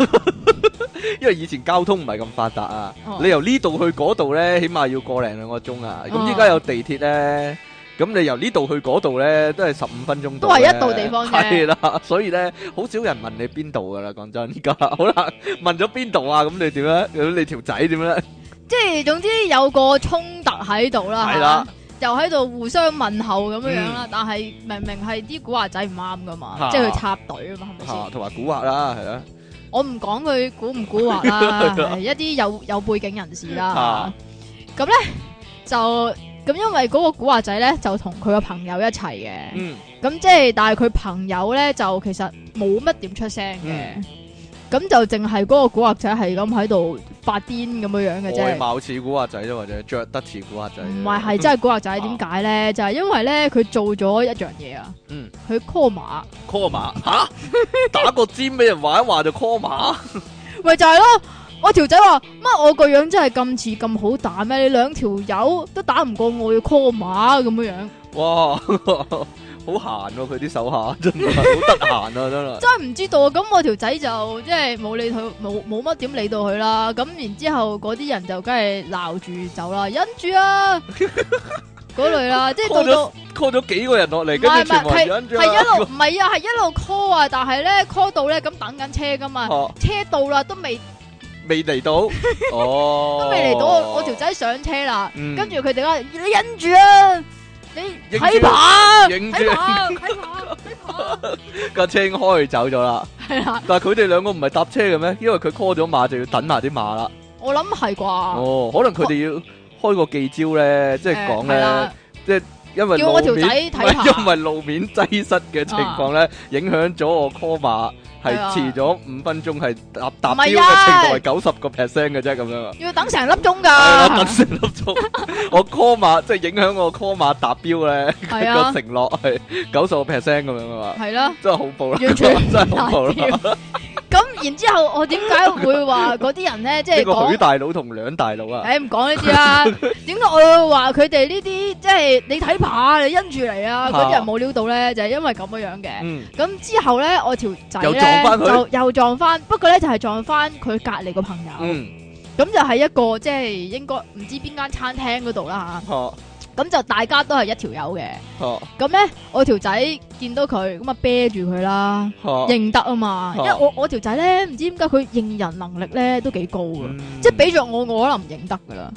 因為以前交通唔係咁發達啊。你由呢度去嗰度咧，起碼要過零兩個鐘啊。咁依家有地鐵咧，咁你由呢度去嗰度咧，都係十五分鐘，都係一度地方。係啦，所以咧，好少人問你邊度噶啦。講真，依家好啦，問咗邊度啊？咁你點樣？咁你條仔點樣？即係總之有個衝突喺度啦，吓，就喺度互相問候咁樣樣啦。但係明明係啲古惑仔唔啱噶嘛，即係插隊啊嘛，係咪先？同埋古惑啦，係啦。我唔講佢古唔古惑啦，係一啲有有背景人士啦。咁咧就咁，因為嗰個古惑仔咧就同佢個朋友一齊嘅。咁即係，但係佢朋友咧就其實冇乜點出聲嘅。咁就淨係嗰個古惑仔係咁喺度發癲咁樣樣嘅啫，外貌似古惑仔啫，或者着得似古惑仔，仔。唔係，係真係古惑仔。點解咧？就係、是、因為咧，佢做咗一樣嘢啊。嗯。佢 call 馬。call 馬吓？ 打個尖俾人玩，話就 call 馬。咪 就係咯。我條仔話：乜我個樣真係咁似咁好打咩？你兩條友都打唔過我，要 call 馬咁樣樣。哇！ 好閒喎，佢啲手下真係好得閒啊，真係！真係唔知道啊，咁我條仔就即係冇理佢，冇冇乜點理到佢啦。咁然之後嗰啲人就梗係鬧住走啦，忍住啊，嗰類啦，即係到到 call 咗幾個人落嚟，跟住全部忍住，係一路唔係啊，係一路 call 啊，但係咧 call 到咧咁等緊車噶嘛，車到啦都未未嚟到，哦，都未嚟到，我條仔上車啦，跟住佢哋話，你忍住啊！你睇盤，睇盤，睇盤，架 車開走咗啦，係啦的。但係佢哋兩個唔係搭車嘅咩？因為佢 call 咗馬就要等埋啲馬啦。我諗係啩？哦，可能佢哋要開個記招咧，即係講咧，即係、欸、因為我條仔路面吧，因為路面擠塞嘅情況咧，啊、影響咗我 call 馬。係遲咗五分鐘，係達達標嘅程度係九十個 percent 嘅啫，咁樣啊！樣要等成粒鐘噶，等成粒鐘，我 call 碼 即係影響我 call 碼達標咧個、啊、 承諾係九十個 percent 咁樣啊嘛，係咯，真係恐怖，完全 真係恐怖啦。 咁然之後，我點解會話嗰啲人咧，即係個許大佬同兩大佬啊？誒，唔講呢啲啦。點解我會話佢哋呢啲即係你睇怕，你跟住嚟啊！嗰啲人冇料到咧，就係因為咁樣樣嘅。咁之後咧，我條仔咧就又撞翻，不過咧就係、是、撞翻佢隔離個朋友。嗯，咁就係一個即係、就是、應該唔知邊間餐廳嗰度啦嚇。啊咁就大家都係一條友嘅，咁咧、啊、我條仔見到佢咁啊啤住佢啦，認得啊嘛，啊因為我我條仔咧唔知點解佢認人能力咧都幾高嘅，嗯、即係俾著我我可能唔認得噶啦，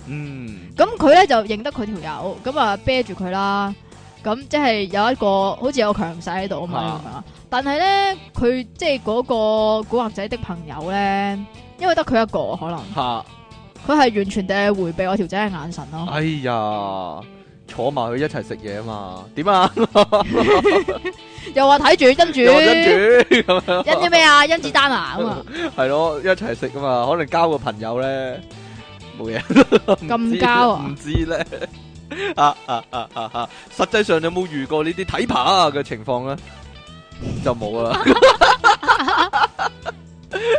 咁佢咧就認得佢條友，咁啊啤住佢啦，咁即係有一個好似有強勢喺度啊嘛，但係咧佢即係嗰個古惑仔的朋友咧，因為得佢一個可能，佢係、啊、完全地回避我條仔嘅眼神咯哎，哎呀～坐埋去一齊食嘢啊嘛，點啊？ 又話睇住跟住，跟住因啲咩啊？甄子丹啊嘛，係 咯，一齊食啊嘛，可能交個朋友咧，冇嘢，咁交 啊？唔知咧，啊啊啊啊啊！實際上有冇遇過呢啲睇體魄嘅情況咧？就冇啦。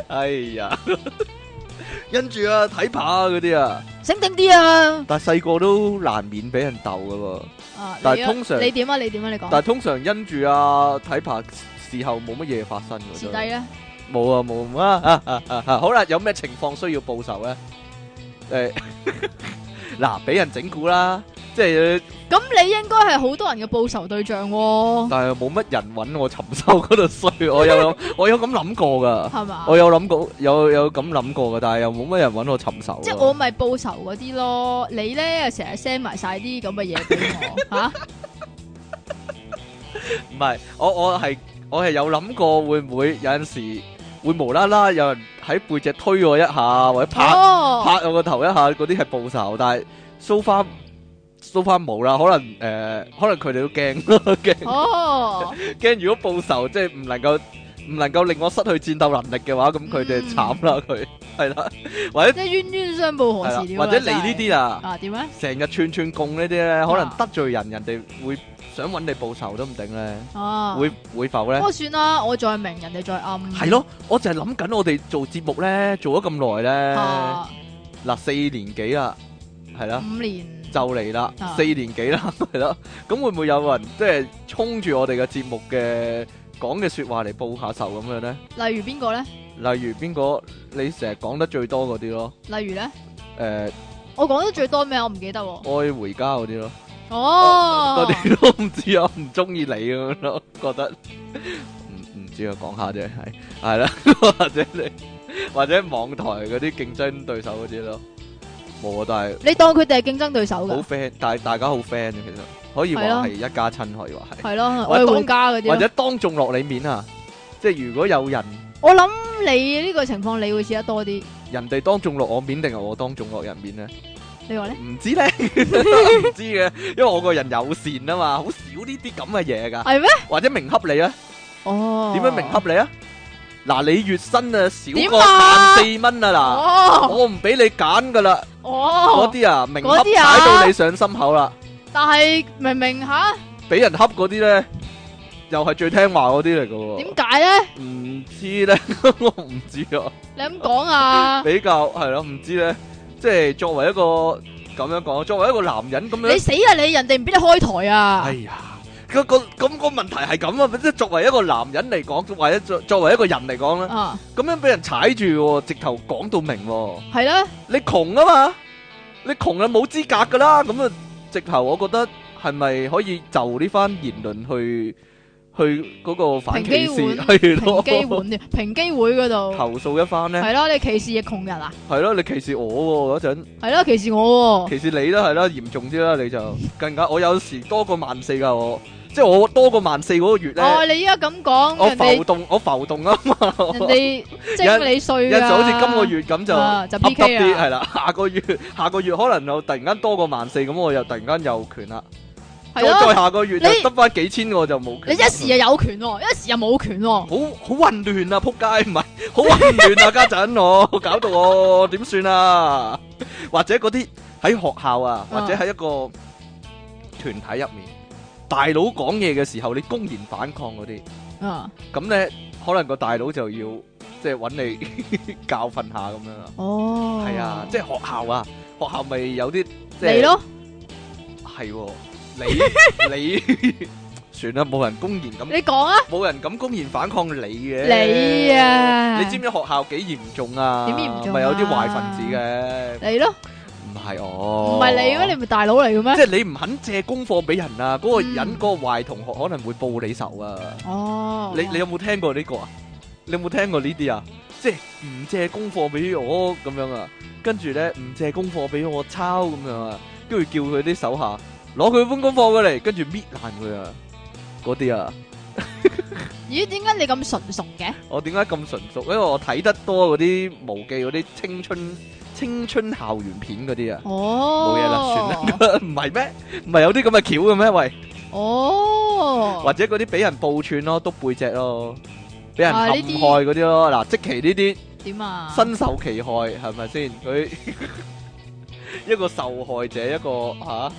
哎呀！因住啊睇怕啊嗰啲啊醒定啲啊！啊啊但係細個都難免俾人鬥噶喎。啊、但係通常你點啊？你點啊？你講、啊。但係通常因住啊睇怕，事後冇乜嘢發生嘅。徒弟咧？冇啊冇啊啊啊！好啦，有咩情況需要報仇咧？誒、欸，嗱，俾人整蠱啦！即係咁，你應該係好多人嘅報仇對象。但係冇乜人揾我尋仇嗰度衰，我有我有咁諗過噶。係嘛？我有諗過，有有咁諗過噶，但係又冇乜人揾我尋仇。即係我咪報仇嗰啲咯，你咧又成日 send 埋晒啲咁嘅嘢俾我吓。唔係，我我係我係有諗過會唔會有陣時會無啦啦有人喺背脊推我一下，或者拍拍我個頭一下，嗰啲係報仇，但係 so far。梳翻毛啦，可能誒，可能佢哋都驚咯，驚，驚如果報仇，即係唔能夠唔能夠令我失去戰鬥能力嘅話，咁佢哋慘啦，佢係啦，或者即係冤冤相報何時了？或者你呢啲啊？啊點咧？成日串串供呢啲咧，可能得罪人，人哋會想揾你報仇都唔定咧。哦，會會否咧？不過算啦，我再明，人哋再暗。係咯，我就係諗緊我哋做節目咧，做咗咁耐咧，嗱四年幾啦，係啦，五年。就嚟啦，四年幾啦，係咯，咁會唔會有人即係衝住我哋嘅節目嘅講嘅說話嚟報下仇咁樣咧？例如邊個咧？例如邊個？你成日講得最多嗰啲咯？例如咧？誒，我講得最多咩？我唔記得。愛回家嗰啲咯。哦。我哋都唔知，我唔中意你咁樣咯，覺得。唔，唔知啊，講下啫，係係啦，或者你或者網台嗰啲競爭對手嗰啲咯。冇啊，但係你當佢哋係競爭對手嘅。好 friend，但係大家好 friend 嘅，其實可以話係一家親，可以話係。係咯，或者當家嗰啲，或者當眾落你面啊！即係如果有人，我諗你呢個情況你會似得多啲。人哋當眾落我面定係我當眾落人面咧？你話咧？唔知咧，唔知嘅，因為我個人友善啊嘛，好少呢啲咁嘅嘢噶。係咩？或者明恰你啊？哦，點樣明恰你啊？嗱，你月薪啊少過萬四蚊啊，嗱，我唔俾你揀噶啦，嗰啲啊明恰踩到你上心口啦。但係明明吓，俾人恰嗰啲咧，又係最聽話嗰啲嚟噶。點解咧？唔知咧，我唔知啊。你咁講啊？比較係咯，唔知咧，即係作為一個咁樣講，作為一個男人咁樣，你死啊！你人哋唔俾你開台啊！哎呀～個個咁個問題係咁啊！即係作為一個男人嚟講，或者作作為一個人嚟講咧，咁樣俾人踩住，直頭講到明。係啦，你窮啊嘛，你窮啊冇資格噶啦。咁啊，直頭我覺得係咪可以就呢番言論去去嗰個反歧視？係咯，平機會嗰度投訴一番咧。係咯，你歧視嘅窮人啊？係咯，你歧視我嗰陣？係咯，歧視我？歧視你咧？係咯，嚴重啲啦，你就更加我有時多過萬四噶我。即係我多過萬四嗰個月咧，哦，你依家咁講，我浮動，我浮動啊嘛，人哋即係你稅啊，就好似今個月咁就就 PK 啊，係啦，下個月下個月可能就突然間多過萬四，咁我又突然間有權啦，再再下個月又得返幾千，我就冇權，你一時又有權，一時又冇權，好好混亂啊，扑街唔係，好混亂啊，家陣我搞到我點算啊？或者嗰啲喺學校啊，或者喺一個團體入面。大佬講嘢嘅時候，你公然反抗嗰啲，咁咧可能個大佬就要即係揾你教訓下咁樣啦。哦，係啊，即係學校啊，學校咪有啲即係，你咯，係，你你算啦，冇人公然咁，你講啊，冇人敢公然反抗你嘅，你啊，你知唔知學校幾嚴重啊？點嚴重？咪有啲壞分子嘅，你咯。唔係我，唔係你咩啊？你唔係大佬嚟嘅咩？即係你唔肯借功課俾人啊！嗰個人嗰個壞同學可能會報你仇啊！哦、嗯，你你有冇聽過呢個啊？你有冇聽過呢啲啊？即係唔借功課俾我咁樣啊？跟住咧唔借功課俾我抄咁樣啊？跟住叫佢啲手下攞佢份功課過嚟，跟住搣爛佢啊！嗰啲啊～咦？點解 你咁純熟嘅？我點解咁純熟？因為我睇得多嗰啲無記啲青春青春校園片嗰啲啊！哦，冇嘢啦，算啦，唔係咩？唔係有啲咁嘅橋嘅咩？喂，哦，或者嗰啲俾人報串咯，督背脊咯，俾人陷害嗰啲咯。嗱、啊，即其呢啲點啊？身受其害係咪先？佢 一個受害者，一個吓。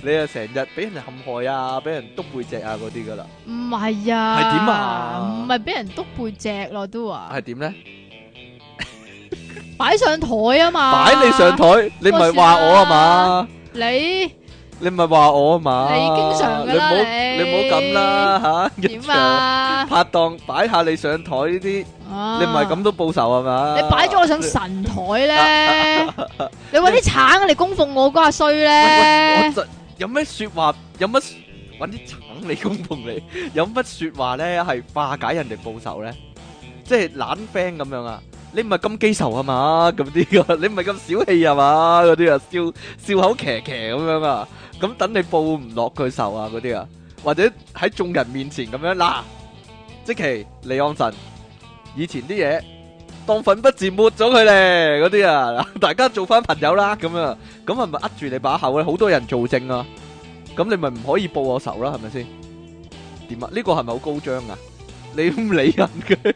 你啊成日俾人陷害啊，俾人督背脊啊嗰啲噶啦，唔係啊，係點啊？唔係俾人督背脊咯，都話係點咧？擺上台啊嘛！擺你上台，你唔係話我啊嘛？你你唔係話我啊嘛？你經常噶啦，你你唔好咁啦吓。點啊？拍檔擺下你上台呢啲，你唔係咁都報仇啊嘛？你擺咗我上神台咧？你搵啲橙嚟供奉我阿衰咧？有咩說話？有乜搵啲橙你公碰你？有乜說話咧，係化解人哋報仇咧？即係懶 friend 咁樣啊？你唔係咁記仇啊嘛？咁啲嘅你唔係咁小氣啊嘛？嗰啲啊，笑笑口騎騎咁樣啊？咁等你報唔落佢仇啊？嗰啲啊，或者喺眾人面前咁樣嗱，積淇離岸神以前啲嘢。當粉筆字抹咗佢咧，嗰啲啊，大家做翻朋友啦，咁樣，咁係咪扼住你把口咧？好多人做證啊，咁你咪唔可以報我仇啦？係咪先？點啊？呢個係咪好高章啊？你唔理人嘅，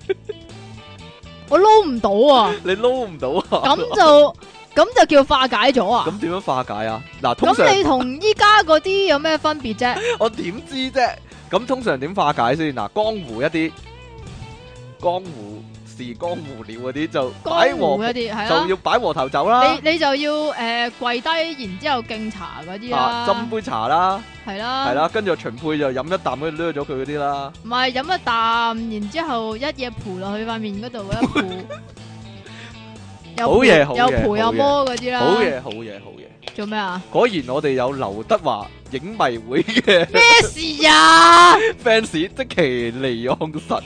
我撈唔到啊！你撈唔到啊？咁就咁就叫化解咗啊？咁點樣化解啊？嗱，通常咁你同依家嗰啲有咩分別啫？我點知啫？咁通常點化解先？嗱，江湖一啲江湖。而江湖料嗰啲就，江湖嗰啲，就要擺和頭走啦。你你就要誒跪低，然之後敬茶嗰啲啦。斟杯茶啦，係啦，係啦，跟住秦佩就飲一啖，跟住攞咗佢嗰啲啦。唔係飲一啖，然之後一嘢潑落去塊面嗰度嗰一，好嘢好嘢，又潑又摸嗰啲啦。好嘢好嘢好嘢。做咩啊？果然我哋有劉德華影迷會嘅咩事啊？Fans 積淇離岸神。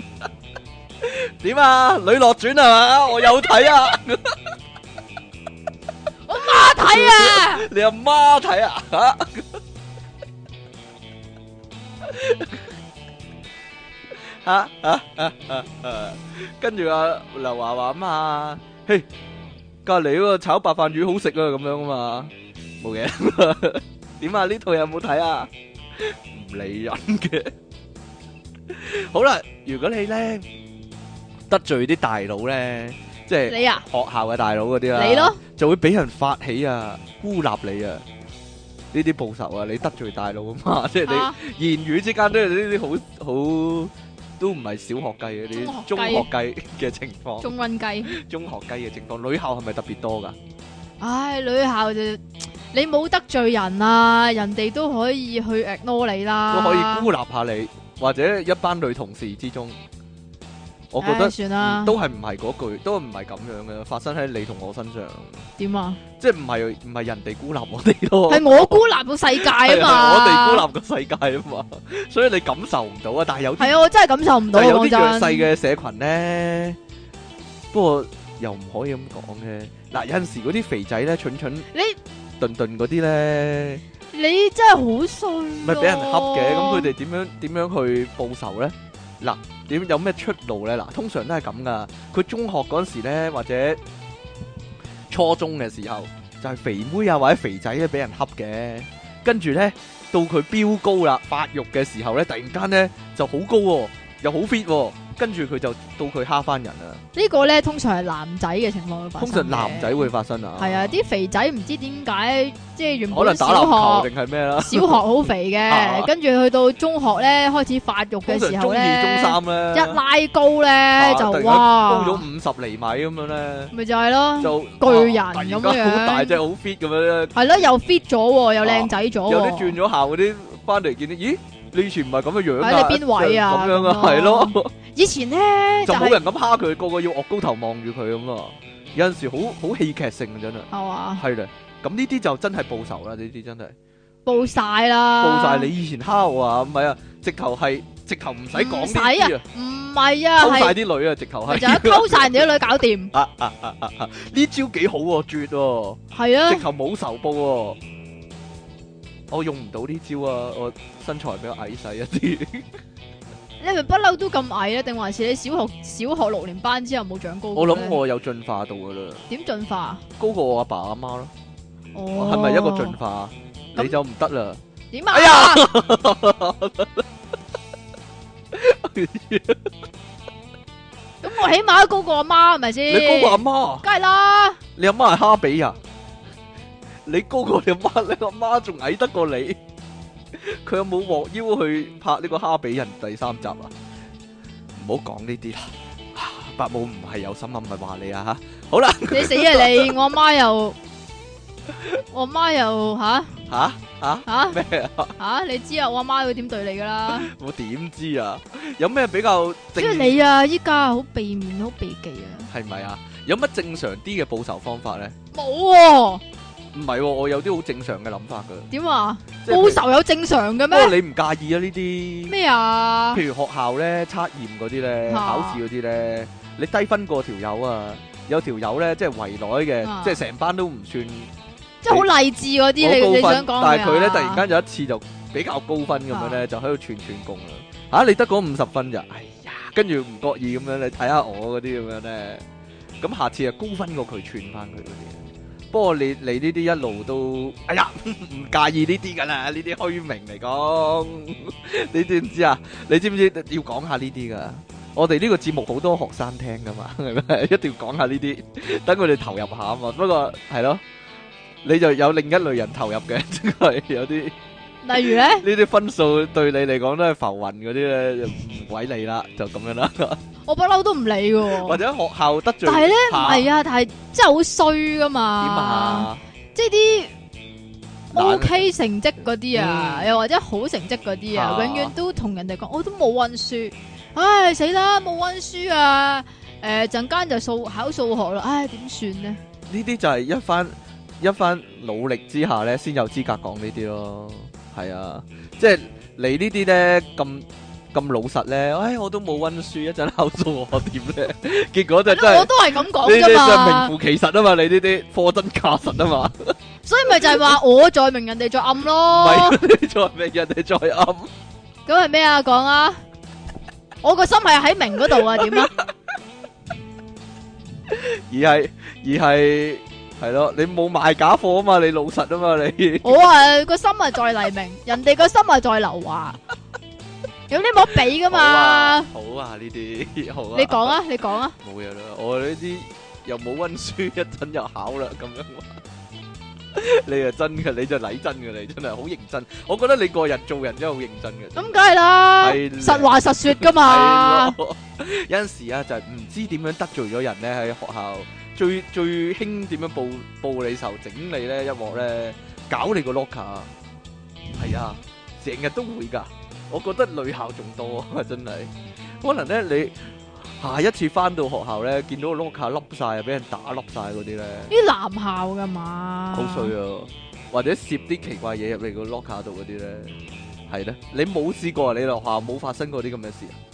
點啊？《女落轉》係嘛？我有睇啊，我媽睇啊，你阿媽睇啊？吓吓吓吓吓，跟住阿劉華華啊嘛，嘿，隔籬嗰個炒白飯魚好食啊，咁樣啊嘛，冇嘢。點啊？呢套有冇睇啊？唔理人嘅。好啦，如果你叻。得罪啲大佬咧，即係你啊，學校嘅大佬嗰啲啦，你咯，就會俾人發起啊，孤立你啊，呢啲報仇啊，你得罪大佬啊嘛，即係你言語之間都有呢啲好好都唔係小學雞嘅，啲中學雞嘅情況，中溫雞、中學雞嘅情況，女校係咪特別多噶？唉，女校就你冇得罪人啊，人哋都可以去 ignore 你啦，都可以孤立下你，或者一班女同事之中。我覺得算啦，都係唔係嗰句，都唔係咁樣嘅，發生喺你同我身上。點啊？即係唔係唔係人哋孤立我哋咯？係我孤立個世界啊嘛！我哋孤立個世界啊嘛！所以你感受唔到啊！但係有係啊！我真係感受唔到啊！有啲弱勢嘅社群咧，不過又唔可以咁講嘅。嗱，有陣時嗰啲肥仔咧，蠢蠢，你頓頓嗰啲咧，你真係好衰。唔係俾人恰嘅，咁佢哋點樣點樣去報仇咧？嗱，點有咩出路咧？嗱，通常都係咁噶。佢中學嗰時咧，或者初中嘅時候，就係、是、肥妹啊，或者肥仔咧，俾人恰嘅。跟住咧，到佢飆高啦，發育嘅時候咧，突然間咧就好高喎、啊，又好 fit 喎、啊。跟住佢就到佢蝦翻人啦！呢個咧通常係男仔嘅情況發生。通常男仔會發生啊。係啊，啲肥仔唔知點解，即係原本小學定係咩啦？小學好肥嘅，跟住去到中學咧，開始發育嘅時候咧，中三咧，一拉高咧，就哇高咗五十厘米咁樣咧，咪就係咯，就巨人咁樣。而家好大隻，好 fit 咁樣咧。係咯，又 fit 咗喎，又靚仔咗。有啲轉咗校嗰啲，翻嚟見啲咦？你以前唔係咁嘅樣，你邊位啊？咁樣啊，係咯。以前咧就冇人咁蝦佢，個個要惡高頭望住佢咁啊。有陣時好好戲劇性啊，真係係啊，係啦。咁呢啲就真係報仇啦，呢啲真係報晒啦，報晒你以前蝦我啊，唔係啊，直頭係直頭唔使講啊，唔係啊，溝晒啲女啊，直頭係，溝晒人哋啲女搞掂。呢招幾好喎，絕喎，係啊，直頭冇仇報喎。我用唔到呢招啊！我身材比較矮細一啲。你咪不嬲都咁矮咧，定還是你小學小學六年班之後冇長高？我諗我有進化到噶啦。點進化？高過我阿爸阿媽咯。哦，係咪一個進化？你就唔得啦。點啊？咁我起碼都高過阿媽，係咪先？你高過阿媽？梗係啦。你阿媽係哈比啊？你高過你媽，你阿媽仲矮得過你？佢 有冇獲邀去拍呢、這個《哈比人》第三集啊？唔好講呢啲啦，伯 母唔係有心啊，唔係話你啊吓。好啦，你死啊你！我阿媽又我阿媽又吓吓吓吓咩啊？吓你知啊，我阿媽會點對你噶啦？ 我點知啊？有咩比較？即係你啊！依家好避免，好避忌啊？係咪啊？有乜正常啲嘅報仇方法咧？冇、啊。唔係喎，我有啲好正常嘅諗法噶。點話？報仇有正常嘅咩？不過你唔介意啊呢啲咩啊？譬如學校咧測驗嗰啲咧，考試嗰啲咧，你低分過條友啊，有條友咧即係圍內嘅，即係成班都唔算，即係好勵志嗰啲。我高分，但係佢咧突然間有一次就比較高分咁樣咧，就喺度串串貢啦。吓，你得嗰五十分咋？哎呀，跟住唔覺意咁樣你睇下我嗰啲咁樣咧，咁下次啊高分過佢串翻佢嗰啲。不過你你呢啲一路都哎呀唔 介意呢啲噶啦，呢啲虛名嚟講， 你知唔知啊？你知唔知要講下呢啲噶？我哋呢個節目好多學生聽噶嘛，係咪？一定要講下呢啲，等佢哋投入下啊嘛。不過係咯，你就有另一類人投入嘅，係 有啲。例如咧，呢啲分數對你嚟講都係浮雲嗰啲咧，唔鬼理啦，就咁樣啦。我不嬲都唔理嘅。或者學校得罪，但係咧唔係啊，但係真係好衰噶嘛。點啊？即係啲 OK 成績嗰啲啊，又或者好成績嗰啲啊，永遠都同人哋講，我都冇溫書，唉死啦冇溫書啊！誒陣間就數考數學啦，唉點算呢？呢啲就係一番一番努力之下咧，先有資格講呢啲咯。係啊，即係你呢啲咧咁咁老實咧，唉，我都冇溫書，一陣嬲咗我點咧？結果就真係，我都係咁講㗎嘛。即係名副其實啊嘛，你呢啲貨真價實啊嘛。所以咪就係話我在明，人哋在暗咯。咪在明，人哋在暗。咁係咩啊？講啊！我個心係喺明嗰度啊？點啊？而係而係。係咯，你冇賣假貨啊嘛，你老實啊嘛，你。我啊個心係在黎明，人哋個心係在劉華，有啲冇比噶嘛。好啊呢啲，好啊。你講啊，你講啊。冇嘢啦，我呢啲又冇溫書，一陣又考啦，咁樣。你啊真噶，你就禮真噶，你真係好認真。我覺得你個人做人真係好認真嘅。咁梗係啦，實話實說噶嘛。有陣時啊，就唔知點樣得罪咗人咧，喺學校。最最興點樣報報你仇，整理咧一鑊咧搞你個 locker，係啊，成日都會噶。我覺得女校仲多啊，真係可能咧，你下一次翻到學校咧，見到個 locker 凹曬，又俾人打凹曬嗰啲咧。啲男校㗎嘛，好衰啊！或者攝啲奇怪嘢入嚟個 locker 度嗰啲咧，係咧。你冇試過你學校冇發生過啲咁嘅事啊？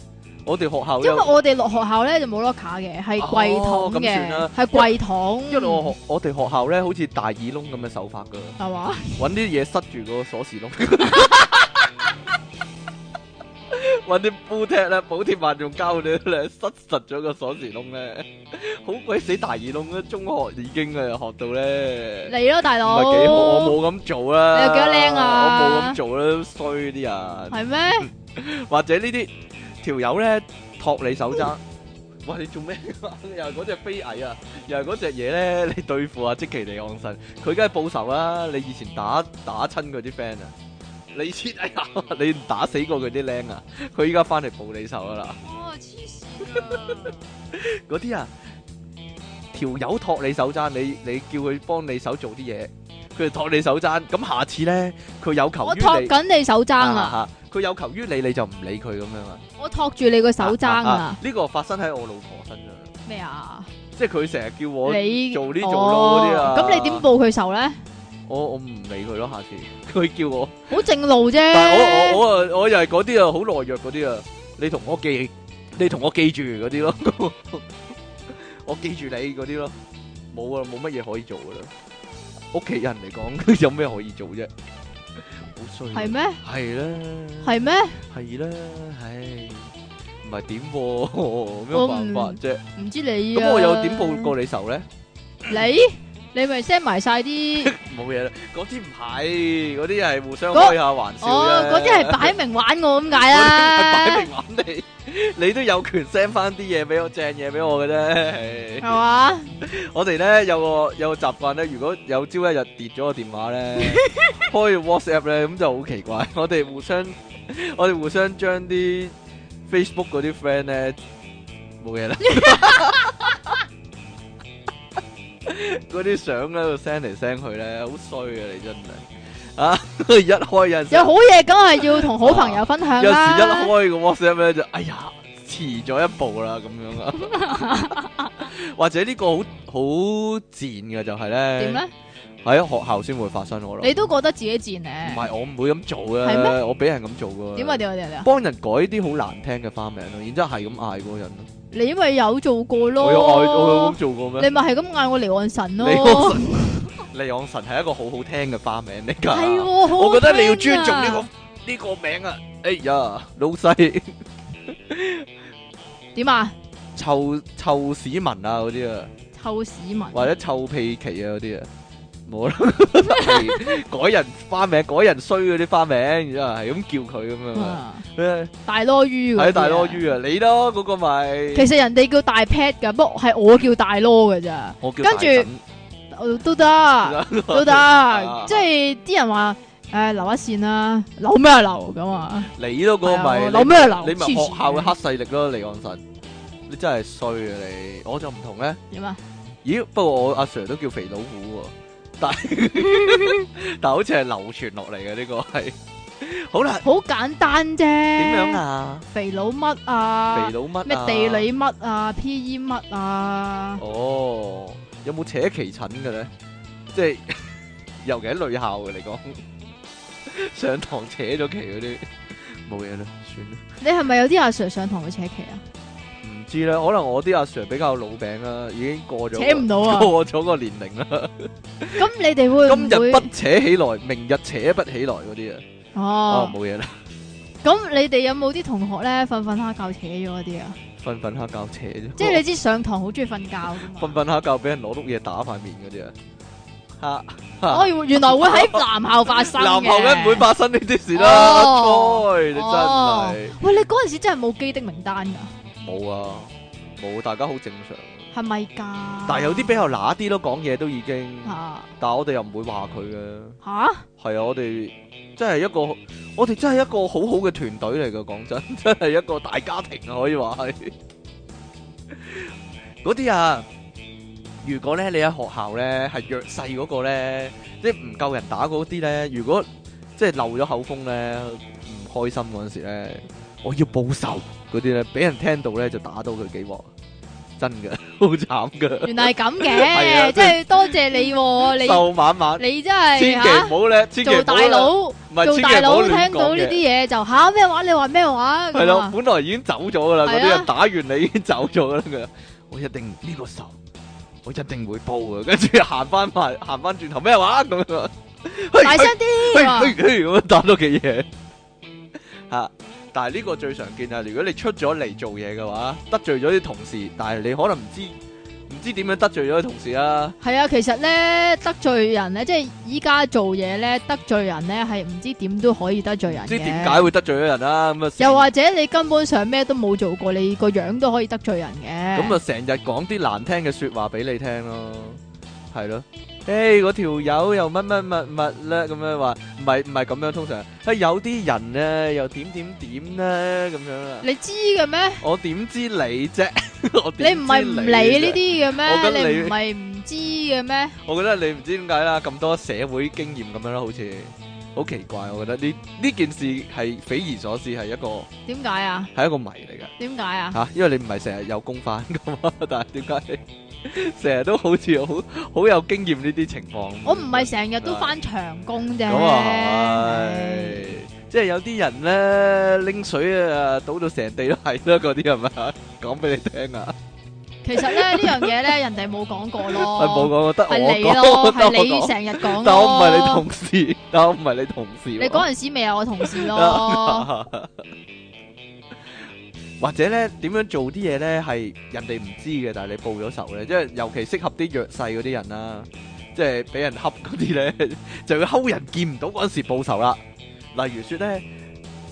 我哋學校因為我哋落學校咧就冇 lock 卡嘅，係櫃桶嘅，係櫃、哦、桶。因為我學我哋學校咧，好似大耳窿咁嘅手法噶。係嘛吧？揾啲嘢塞住個鎖匙窿，揾啲補踢咧，補貼萬仲交萬用膠咗咧，塞實咗個鎖匙窿咧， 好鬼死大耳窿啊！中學已經啊，學到咧。嚟咯，大佬。唔係幾好，我冇咁做啦。你又幾多靚啊？我冇咁做啦，衰啲啊！係咩？嗎 或者呢啲？條友咧托你手踭，喂 你做咩 又係嗰隻飛蟻啊，又係嗰隻嘢咧，你對付啊，積淇離岸神，佢梗係報仇啦，你以前打打親佢啲 friend 啊，你以前哎呀，你打死過佢啲靚啊，佢依家翻嚟報你手仇啦！我黐線啊！嗰啲 啊，條、這、友、個、托你手踭，你你叫佢幫你手做啲嘢。佢托你手踭，咁下次咧，佢有求我托緊你手踭啦。佢有求於你，你就唔理佢咁樣啦。我托住你個手踭啊！呢個發生喺我老婆身上。咩啊？即係佢成日叫我做呢做嗰啲啊。咁你點報佢仇咧？我我唔理佢咯。下次佢叫我好正路啫。但係我我我又係嗰啲啊，好懦弱嗰啲啊。你同我記，你同我記住嗰啲咯。我記住你嗰啲咯。冇啊，冇乜嘢可以做噶啦。屋企人嚟講，有咩可以做啫？好衰。係咩？係啦。係咩？係啦。唉，唔係點喎？咩辦法啫？唔知你。咁我又點報過你仇咧？你？你咪 send 埋晒啲冇嘢啦，嗰啲唔係，嗰啲係互相開下玩笑啦。哦，嗰啲係擺明玩我咁解啦。擺明玩你，你都有權 send 翻啲嘢俾我，正嘢俾我嘅啫。係嘛？我哋咧有個有個習慣咧，如果有朝一日跌咗個電話咧，開個 WhatsApp 咧，咁就好奇怪。我哋互相我哋互相將啲 Facebook 嗰啲 friend 咧，冇嘢啦。嗰啲 相咧，send 嚟 send 去咧，好衰啊！你真係啊， 一開一有好嘢，梗係要同好朋友分享啦。啊，有時一開個 WhatsApp 咧，就哎呀，遲咗一步啦，咁樣啊。 或者個、就是、呢個好好賤嘅就係咧點咧？喺學校先會發生我咯。你都覺得自己賤咧？唔係，我唔會咁做嘅。係咩嗎？我俾人咁做噶。點啊？點啊？點啊？幫人改啲好難聽嘅花名咯，然之後係咁嗌嗰人咯。你因為有做過咯，做過咩，你咪係咁嗌我離岸神咯。離岸神係一個好好聽嘅花名嚟噶，我覺得你要尊重呢個呢個名啊！哎呀，老細點啊？臭臭屎民啊嗰啲啊，臭屎民或者臭屁奇啊嗰啲啊。改人花名，改人衰嗰啲花名，然之後係咁叫佢咁樣。大囉魚？係大囉魚啊！你咯，嗰個咪。其實人哋叫大 pad 噶不過係我叫大囉噶咋？我叫。跟住，都得，都得。即係啲人話，誒，留一線啦，扭咩留咁啊？你嗰個咪扭咩留？你咪學校嘅黑勢力咯，離岸神。你真係衰啊！你我就唔同咧。點啊？咦？不過我阿 sir 都叫肥老虎。 但好似係流傳落嚟嘅呢個係，好啦，好簡單啫。點樣啊？肥佬乜啊？肥佬乜啊？咩地理乜啊？P. E. 乜啊？哦、啊，oh，有冇扯旗疹嘅咧？即係 尤其喺女校嚟講， 上堂扯咗旗嗰啲冇嘢啦，算啦。你係咪有啲阿 sir 上堂會扯旗啊？知啦，可能我啲阿 Sir 比較老餅啦，已經過咗，扯唔到啊，過咗個年齡啦。咁你哋會今日不扯起來，明日扯不起來嗰啲啊？哦，冇嘢啦。咁你哋有冇啲同學咧瞓瞓下覺扯咗嗰啲啊？瞓瞓下覺扯啫。即係你知上堂好中意瞓覺噶嘛？瞓瞓下覺俾人攞碌嘢打塊面嗰啲啊？吓！哦，原來會喺男校發生。男校咧唔會發生呢啲事啦？錯，你真係。喂，你嗰陣時真係冇既定名單噶？冇啊，冇，大家好正常。係咪噶？但係有啲比較乸啲咯，講嘢都已經。Uh. 但係我哋又唔會話佢嘅。吓？係啊，我哋真係一個，我哋真係一個好好嘅團隊嚟㗎。講真，真係一個大家庭啊，可以話係。嗰 啲 啊，如果咧你喺學校咧係弱勢嗰個咧，即係唔夠人打嗰啲咧，如果即係漏咗口風咧，唔開心嗰陣時咧，我要報仇。嗰啲咧俾人聽到咧就打到佢幾鑊，真嘅好慘嘅。原來係咁嘅，即係多謝你，你壽晚晚，你真係千祈唔好咧，做大佬唔係做大佬聽到呢啲嘢，就吓咩話？你話咩話？係咯，本來已經走咗噶啦，嗰啲人打完你已經走咗㗎啦佢。我一定呢個仇，我一定會報嘅。跟住行翻埋，行翻轉頭咩話咁樣？大聲啲！嘿嘿嘿！我打多幾嘢吓。但係呢個最常見啊！如果你出咗嚟做嘢嘅話，得罪咗啲同事，但係你可能唔知唔知點樣得罪咗啲同事啊？係啊，其實咧得罪人咧，即係依家做嘢咧得罪人咧係唔知點都可以得罪人。唔知點解會得罪咗人啦。咁啊，又或者你根本上咩都冇做過，你個樣都可以得罪人嘅。咁啊，成日講啲難聽嘅說話俾你聽咯，係咯。誒，嗰條友又乜乜乜乜咧，咁樣話，唔係唔係咁樣，通常，啊有啲人咧又點點點咧，咁樣啊。你知嘅咩？我點知你啫？我點知你？你唔係唔理呢啲嘅咩？你唔係唔知嘅咩？我覺得你唔知點解啦，咁多社會經驗咁樣啦，好似好奇怪，我覺得呢呢件事係匪夷所思，係一個點解啊？係一個謎嚟嘅。點解啊？吓，因為你唔係成日有工翻噶嘛，但係點解？成日都好似好好有經驗呢啲情況，我唔係成日都翻長工啫，咁唉唉啊係，即係有啲人咧拎水啊倒到成地都係，嗰啲係咪啊？講俾你聽啊！其實咧呢 樣嘢咧，人哋冇講過咯，係冇講過，得我講，係你成日講。但我唔係你同事，但我唔係你同事。 你嗰陣時未有我同事咯。 或者咧點樣做啲嘢咧係人哋唔知嘅，但係你報咗仇咧，即係尤其適合啲弱勢嗰啲人啦、啊，即係俾人恰嗰啲咧， 就會睺人見唔到嗰陣時報仇啦。例如說咧，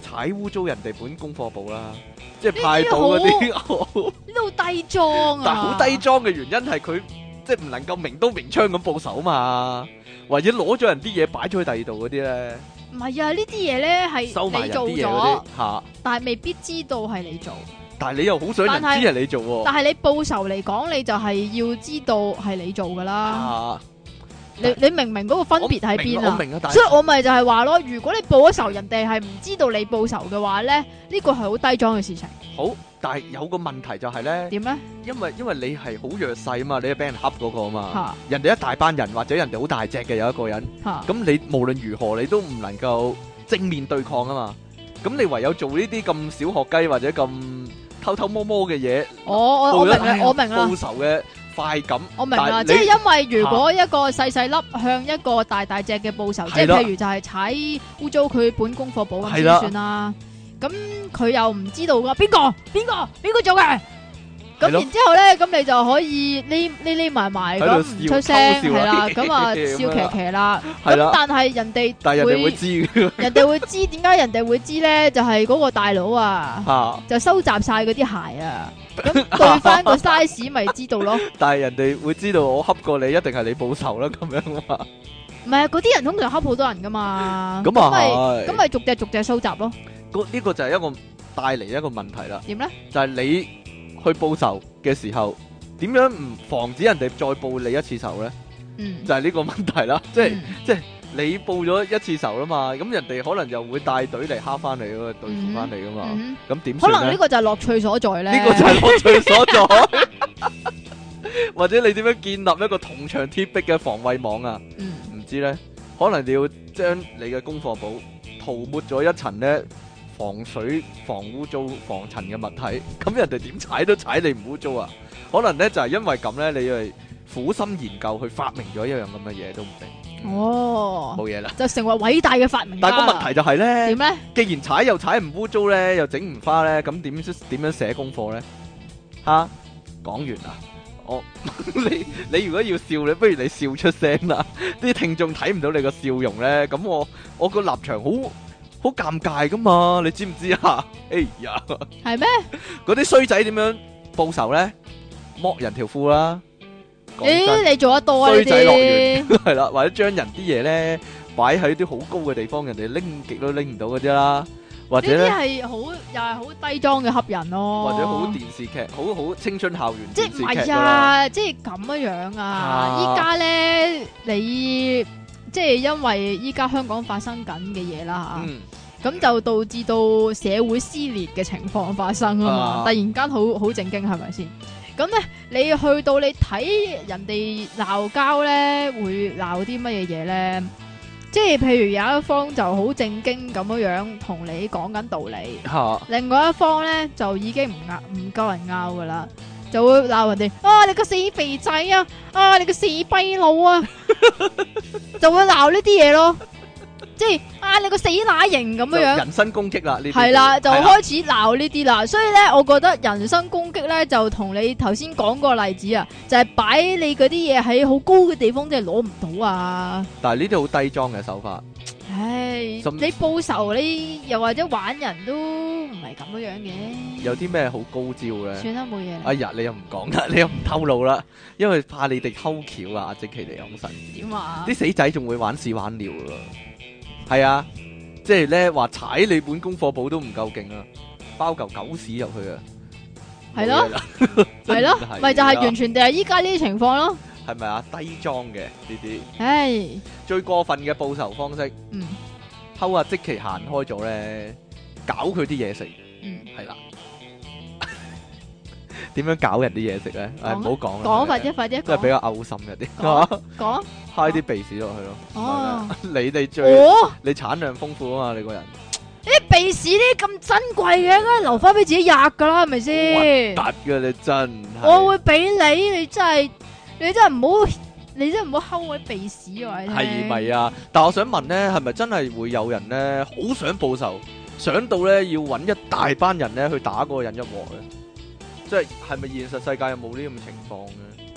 踩污糟人哋本功課簿啦，即係派報嗰啲。呢度、欸欸、 好低裝啊！ 但係好低裝嘅原因係佢即係唔能夠明刀明槍咁報仇嘛，或者攞咗人啲嘢擺咗去第二度嗰啲咧。唔係啊！呢啲嘢咧係你做咗，啊、但係未必知道係你做。但係你又好想人知係你做。但係你報仇嚟講，你就係要知道係你做噶啦。啊、你你明唔明嗰個分別喺邊啊？明。明所以我咪就係話咯，如果你報咗仇，人哋係唔知道你報仇嘅話咧，呢個係好低裝嘅事情。好。但係有個問題就係咧，點咧，因為因為你係好弱勢啊嘛，你係俾人蝦嗰個啊嘛，人哋一大班人或者人哋好大隻嘅有一個人，咁你無論如何你都唔能夠正面對抗啊嘛，咁你唯有做呢啲咁小學雞或者咁偷偷摸摸嘅嘢，我我我明啦，我明啦，報仇嘅快感，我明啦，即係因為如果一個細細粒向一個大大隻嘅報仇，即係譬如就係踩污糟佢本功課簿咁先算啦。咁佢又唔知道噶，邊個邊個邊個做嘅？咁然之後咧，咁你就可以匿匿匿埋埋咁唔出聲係啦，咁啊笑騎騎啦。咁但係人哋，但係人哋會知，人哋會知點解人哋會知咧？就係嗰個大佬啊，就收集晒嗰啲鞋啊，咁對翻個 size 咪知道咯。但係人哋會知道我恰過你，一定係你報仇啦。咁樣唔係啊？嗰啲人通常恰好多人噶嘛，咁咪咁咪逐隻逐隻收集咯。呢個就係一個帶嚟一個問題啦。點咧？就係你去報仇嘅時候，點樣唔防止人哋再報你一次仇咧？嗯、就係呢個問題啦。即係、嗯、即係你報咗一次仇啦嘛，咁人哋可能又會帶隊嚟蝦翻你噶，對付翻你噶嘛。咁點、嗯？嗯、算可能呢個就係樂趣所在咧。呢個就係樂趣所在。 或者你點樣建立一個銅牆鐵壁嘅防衛網啊？唔、嗯、知咧，可能你要將你嘅功課簿塗抹咗一層咧。 防水、防污糟、防塵嘅物體，咁人哋點踩都踩你唔污糟啊？可能咧就係因為咁咧，你係苦心研究去發明咗一樣咁嘅嘢都唔定。哦，冇嘢啦，就成為偉大嘅發明。但係個問題就係咧，點咧？既然踩又踩唔污糟咧，又整唔花咧，咁點點樣寫功課咧？吓？講完啦。我你你如果要笑，你不如你笑出聲啦。啲聽眾睇唔到你個笑容咧，咁我我個立場好好尷尬㗎嘛，你知唔知啊？哎呀，係咩？嗰啲衰仔點樣報仇咧？剝人條褲啦！咦，你做得多啊呢啲？衰仔樂園係啦，或者將人啲嘢咧擺喺啲好高嘅地方，人哋拎極都拎唔到嗰啲啦。或者呢？係好又係好低莊嘅恰人咯。或者好電視劇，好好青春校園。即係唔係啊？即係咁樣樣啊？依家咧你。即係因為依家香港發生緊嘅嘢啦吓，咁、嗯、就導致到社會撕裂嘅情況發生啊嘛！啊突然間好好正經係咪先？咁咧，你去到你睇人哋鬧交咧，會鬧啲乜嘢嘢咧？即係譬如有一方就好正經咁樣樣同你講緊道理，啊、另外一方咧就已經唔拗唔夠人拗噶啦。就會鬧人哋，啊你個死肥仔啊，啊你個死跛佬啊， 就會鬧呢啲嘢咯，即係啊你個死乸型咁樣樣，人身攻擊啦，係啦，就開始鬧呢啲啦，啊、所以咧，我覺得人身攻擊咧就同你頭先講個例子啊，就係、是、擺你嗰啲嘢喺好高嘅地方，即係攞唔到啊，但係呢啲好低裝嘅手法。唉，你報仇你又或者玩人都唔係咁樣嘅，有啲咩好高招呢？算啦，冇嘢。哎呀你又唔講啦，你又唔透露啦，因為怕你哋偷橋啊！積淇離岸神，點啊？啲死仔仲會玩屎玩尿噶，係啊，即係咧話踩你本功課簿都唔夠勁啊，包嚿狗屎入去啊，係咯，係咯，咪就係完全就係依家呢啲情況咯。係咪啊？低裝嘅呢啲，唉，最過分嘅報仇方式，嗯，偷偷即係行開咗咧，搞佢啲嘢食，嗯，係啦，點樣搞人啲嘢食咧？唉，唔好講，講快啲快啲，即係比較嘔心一啲，講，揩啲鼻屎落去咯。哦，你哋最，你產量豐富啊嘛，你個人，啲鼻屎啲咁珍貴嘅，應該留翻俾自己入噶啦，係咪先？突噶你真，我會俾你，你真係。你真係唔好，你真係唔好摳我鼻屎啊！係咪啊？但係我想問咧，係咪真係會有人咧好想報仇，想到咧要搵一大班人咧去打嗰個人一鑊咧？即係係咪現實世界有冇呢咁嘅情況咧？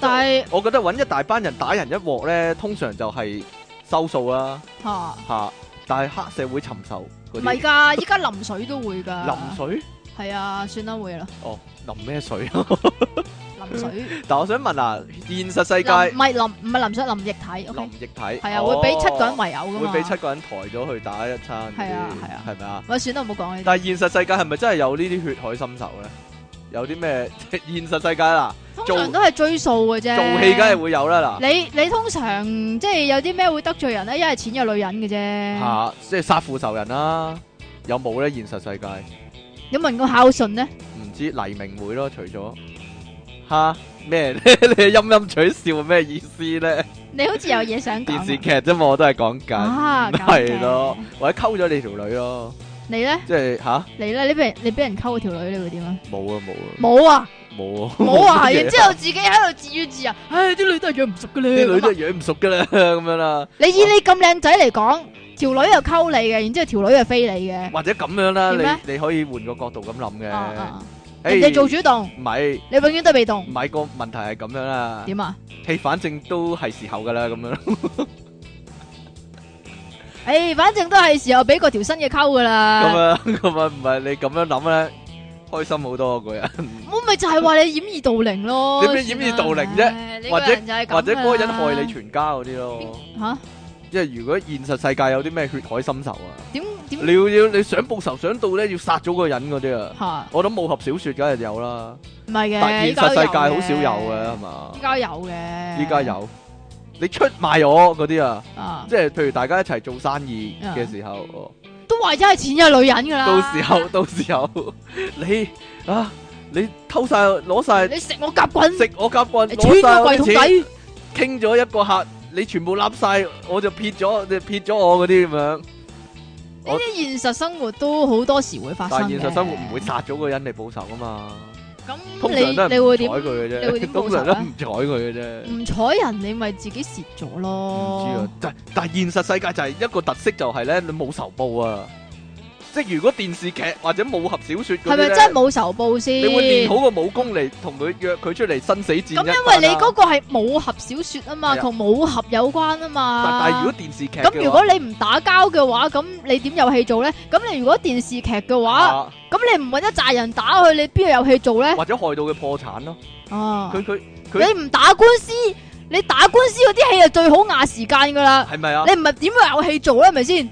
但係我覺得搵一大班人打人一鑊咧，通常就係收數啦。吓吓，但係黑社會尋仇啲，唔係噶，依家淋水都會噶。淋水係啊，算得會啦。哦，淋咩水？水？但我想問啊，現實世界唔係林唔係林水林，林液體？Okay? 林液體係啊，會俾七個人圍毆嘅。會俾七個人抬咗去打一餐。係啊係啊，係咪啊？咪吧算都唔好講，但係現實世界係咪真係有呢啲血海深仇咧？有啲咩？ 現實世界啦，通常都係追數嘅啫。做戲梗係會有啦嗱。你你通常即係有啲咩會得罪人咧？因為錢有女人嘅啫。吓、啊，即係殺父仇人啦、啊。有冇咧？現實世界？你問個孝順咧？唔知黎明會咯，除咗。吓咩？你陰陰取笑咩意思咧？你好似有嘢想講，電視劇啫嘛，我都係講緊，係咯，或者溝咗你條女咯。你咧即係吓？你咧你俾人你俾人溝條女你會點啊？冇啊冇啊冇啊冇啊！然之後自己喺度自怨自艾，啲女都係養唔熟噶咧，啲女都係養唔熟噶啦咁樣啦。你以你咁靚仔嚟講，條女又溝你嘅，然之後條女又飛你嘅，或者咁樣啦，你你可以換個角度咁諗嘅。人哋做主動，唔係你永遠都被動，唔係個問題係咁樣啦。點啊？誒，反正都係時候噶啦，咁樣。誒，反正都係時候俾個條新嘅溝噶啦。咁啊，咁啊，唔係你咁樣諗咧，開心好多個人。我咪就係話你掩耳盜鈴咯。點解掩耳盜鈴啫？或者或者嗰個人害你全家嗰啲咯。吓？即係如果現實世界有啲咩血海深仇啊？點點你要你想報仇，想到咧，要殺咗個人嗰啲啊？吓，我諗武俠小說梗係有啦。唔係嘅，但現實世界好少有嘅係嘛？依家有嘅，依家有你出賣我嗰啲啊！即係譬如大家一齊做生意嘅時候都為咗係錢嘅女人噶啦。到時候到時候你啊，你偷晒攞晒，你食我夾棍，食我夾棍，攞晒我啲錢，傾咗一個客。你全部笠曬，我就撇咗，就撇咗我嗰啲咁樣。呢啲現實生活都好多時會發生。但現實生活唔會殺咗個人嚟報仇㗎嘛。咁你你會點？佢嘅啫，通常都唔睬佢嘅啫。唔睬人，你咪自己蝕咗咯。唔知啊，但係但係現實世界就係一個特色，就係咧你冇仇報啊。即係如果電視劇或者武俠小說，係咪真係冇仇報先？你會練好個武功嚟，同佢約佢出嚟生死戰？咁因為你嗰個係武俠小說啊嘛，同武俠有關啊嘛。但係如果電視劇，咁如果你唔打交嘅話，咁你點有戲做咧？咁你如果電視劇嘅話，咁你唔搵一紮人打佢，你邊有戲做咧？或者害到佢破產咯？哦，佢佢佢，你唔打官司，你打官司嗰啲戲係最好壓時間噶啦，係咪啊？你唔係點會有戲做咧？係咪先？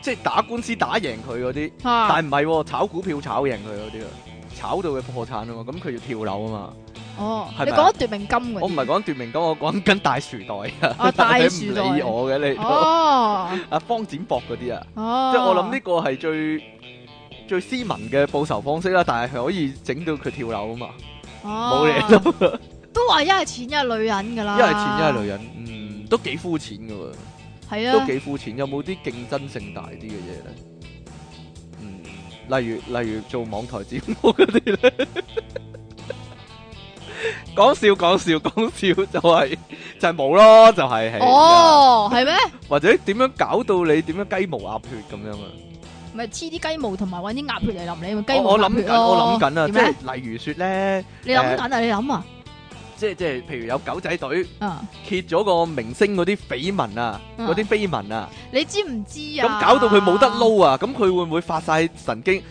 即係打官司打贏佢嗰啲，啊、但係唔係，炒股票炒贏佢嗰啲啊，炒到佢破產啊嘛，咁佢要跳樓啊嘛。哦，係咪你講奪命金嘅？我唔係講奪命金，我講緊大時代啊！大時代，我嘅你哦，阿方展博嗰啲啊，哦、即係我諗呢個係最最斯文嘅報仇方式啦，但係可以整到佢跳樓啊嘛。哦，冇嘢 了都話一係錢一係女人噶啦，一係錢一係女人，嗯，都幾膚淺噶。係啊，都幾膚淺，有冇啲競爭性大啲嘅嘢咧？嗯，例如例如做網台節目嗰啲咧，講笑講笑講笑就係就係冇咯，就係哦，係咩？或者點樣搞到你點樣雞毛鴨血咁樣啊？唔係黐啲雞毛同埋揾啲鴨血嚟淋你？雞毛我諗緊，我諗緊啊！即係例如說咧，你諗緊啊？你諗啊？即係即係，譬如有狗仔隊揭咗個明星嗰啲緋聞啊，嗰啲緋聞啊，你知唔知啊？咁搞到佢冇得撈啊！咁佢會唔會發晒神經？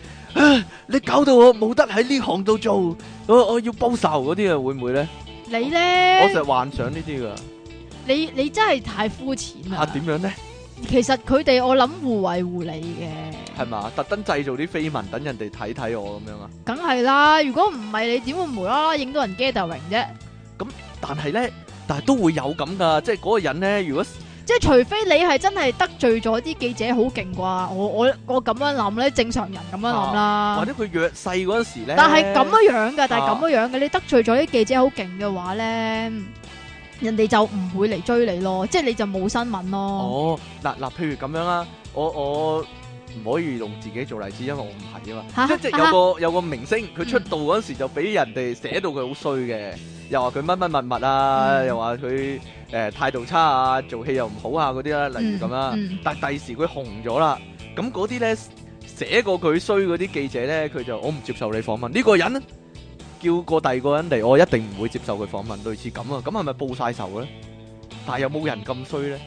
你搞到我冇得喺呢行度做，我我要報仇嗰啲人會唔會咧？你咧？我成日幻想呢啲噶。你你真係太膚淺啦！啊，點樣咧？其實佢哋我諗互惠互利嘅，係嘛？特登製造啲緋聞等人哋睇睇我咁樣啊？梗係啦！如果唔係你點會無啦啦影到人 gathering 啫？咁，但係咧，但係都會有咁噶，即係嗰個人咧，如果即係除非你係真係得罪咗啲記者好勁啩，我我我咁樣諗咧，正常人咁樣諗啦、啊。或者佢弱勢嗰陣時咧，但係咁樣、啊、樣噶，但係咁樣樣嘅，你得罪咗啲記者好勁嘅話咧，人哋就唔會嚟追你咯，即係你就冇新聞咯。哦，嗱嗱，譬如咁樣啦、啊，我我。唔可以用自己做例子，因為我唔係啊嘛。即即有個有個明星，佢出道嗰時就俾人哋寫到佢好衰嘅，又話佢乜乜物物啊，又話佢誒態度差啊，做戲又唔好啊嗰啲啦，例如咁啦。但第時佢紅咗啦，咁嗰啲咧寫過佢衰嗰啲記者咧，佢就我唔接受你訪問。呢個人叫過第二個人嚟，我一定唔會接受佢訪問。類似咁啊，咁係咪報晒仇咧？但係有冇人咁衰咧？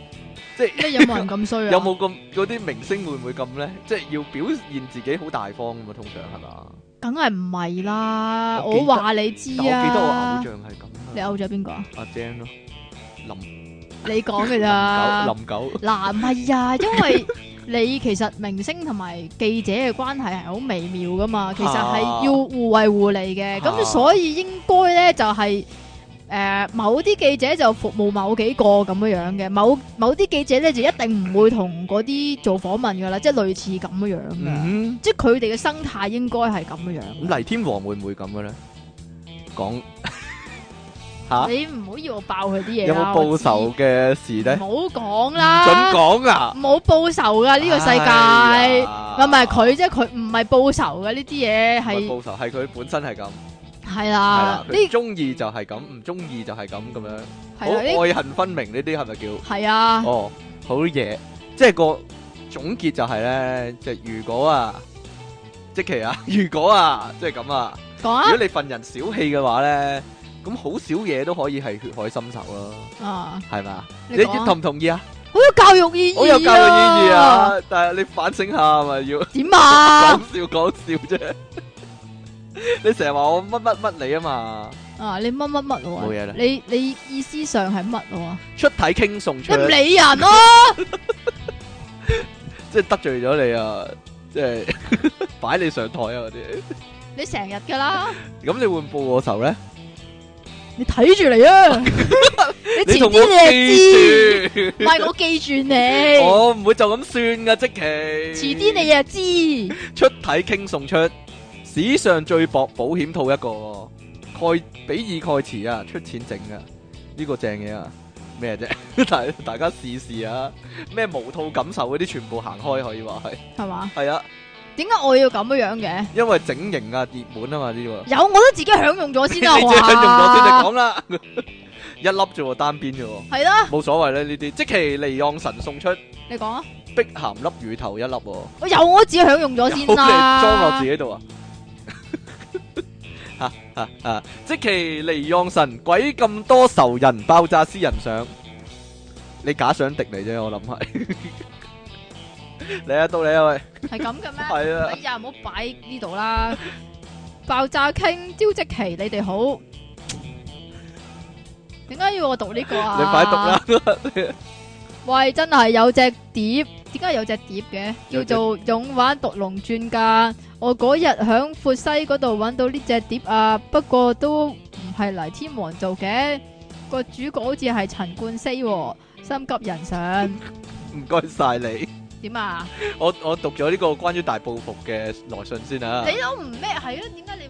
即係有冇人咁衰啊？有冇咁，嗰啲明星會唔會咁咧？即係要表現自己好大方噶嘛？通常係嘛？梗係唔係啦，我話你知啊。記得我偶像係咁。你偶像邊個啊？阿 Jane 咯，林。你講嘅咋？林九。嗱唔係啊，因為你其實明星同埋記者嘅關係係好微妙噶嘛，其實係要互惠互利嘅，咁所以應該咧就係。誒，某啲記者就服務某幾個咁樣樣嘅，某某啲記者咧就一定唔會同嗰啲做訪問噶啦，即係類似咁樣樣嘅，即係佢哋嘅生態應該係咁樣樣。黎天王會唔會咁嘅咧？講吓，你唔好要我爆佢啲嘢。有冇報仇嘅事咧？唔好講啦，唔準講啊！冇報仇噶呢個世界，唔係佢啫，佢唔係報仇嘅呢啲嘢，唔係報仇係佢本身係咁。係啦，呢中意就係咁，唔中意就係咁咁樣，好愛恨分明呢啲係咪叫？係啊，哦，好嘢，即係個總結就係咧，即係如果啊，即奇啊，如果啊，即係咁啊，講啊，如果你份人小氣嘅話咧，咁好少嘢都可以係血海深仇咯，啊，係嘛，你同唔同意啊？好有教育意義啊！好有教育意義啊！但係你反省下係咪要？點啊？講笑講笑啫。你成日話我乜乜乜你啊嘛？啊，你乜乜乜我冇嘢啦。你你意思上係乜啊？出體傾送出唔理人咯、啊， 即係得罪咗你啊！即係擺 你上台啊嗰啲。你成日噶啦。咁 你會唔會報我仇咧？你睇住嚟啊！ 你遲啲你又知，唔係我, 我記住你。 我唔會就咁算噶，積淇。遲啲你又知。 出體傾送出。史上最薄保險套一個，蓋比爾蓋茨啊出錢整嘅呢個正嘢啊咩啫？大、啊、 大家試試啊！咩無套感受嗰啲全部行開可以話係係嘛？係啊吧！點解、哎、呀我要咁樣嘅？因為整形啊，熱門啊嘛呢、這個有我都自己享用咗先啊！ 你自己享用咗先嚟講啦，一, 一粒啫喎，單邊啫喎，係啦的，冇所謂咧呢啲。即係離岸神送出，你講碧咸粒乳頭一粒、啊，我、啊、有我都自己享用咗先啦，裝落自己度啊！吓吓吓！積淇離岸神鬼咁多仇人爆炸私人相，你假想敵嚟啫，我諗係嚟啊，到你啊，喂，係咁嘅咩？係啊，哎呀，唔好擺呢度啦！爆炸傾焦積淇，你哋好點解要我讀呢個啊？你快讀啦！喂，真係有隻碟。點解有隻碟嘅？叫做《勇玩毒龍傳》噶。我嗰日響闊西嗰度揾到呢隻碟啊。不過都唔係黎天王做嘅。個主角好似係陳冠希喎。心急人上。唔該晒你。點啊？ 我我讀咗呢個關於大報復嘅來信先啊。你都唔咩係啊？點解你？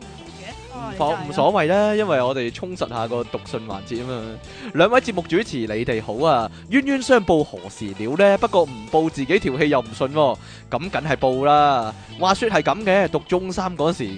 唔放唔所謂啦，因為我哋充實下個讀信環節啊嘛。兩位節目主持，你哋好啊！冤冤相報何時了呢？不過唔報自己條氣又唔信，咁梗係報啦。話說係咁嘅，讀中三嗰時，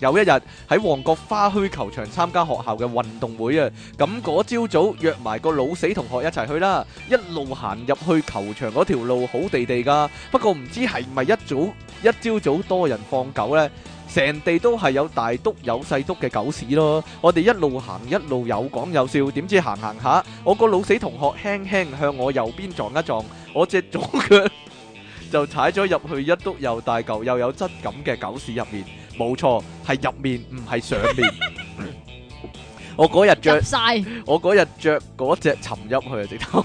有一日喺旺角花墟球場參加學校嘅運動會啊。咁嗰朝早約埋個老死同學一齊去啦，一路行入去球場嗰條路好地地噶，不過唔知係咪一早一朝早多人放狗呢。成地都係有大篤有細篤嘅狗屎咯，我哋一路行一路有講有笑，點知行行下，我個老死同學輕輕向我右邊撞一撞，我隻左腳就踩咗入去一篤又大嚿又有質感嘅狗屎入面，冇錯，係入面唔係上面。 我嗰日着，我嗰日着嗰隻沉入去啊！直頭，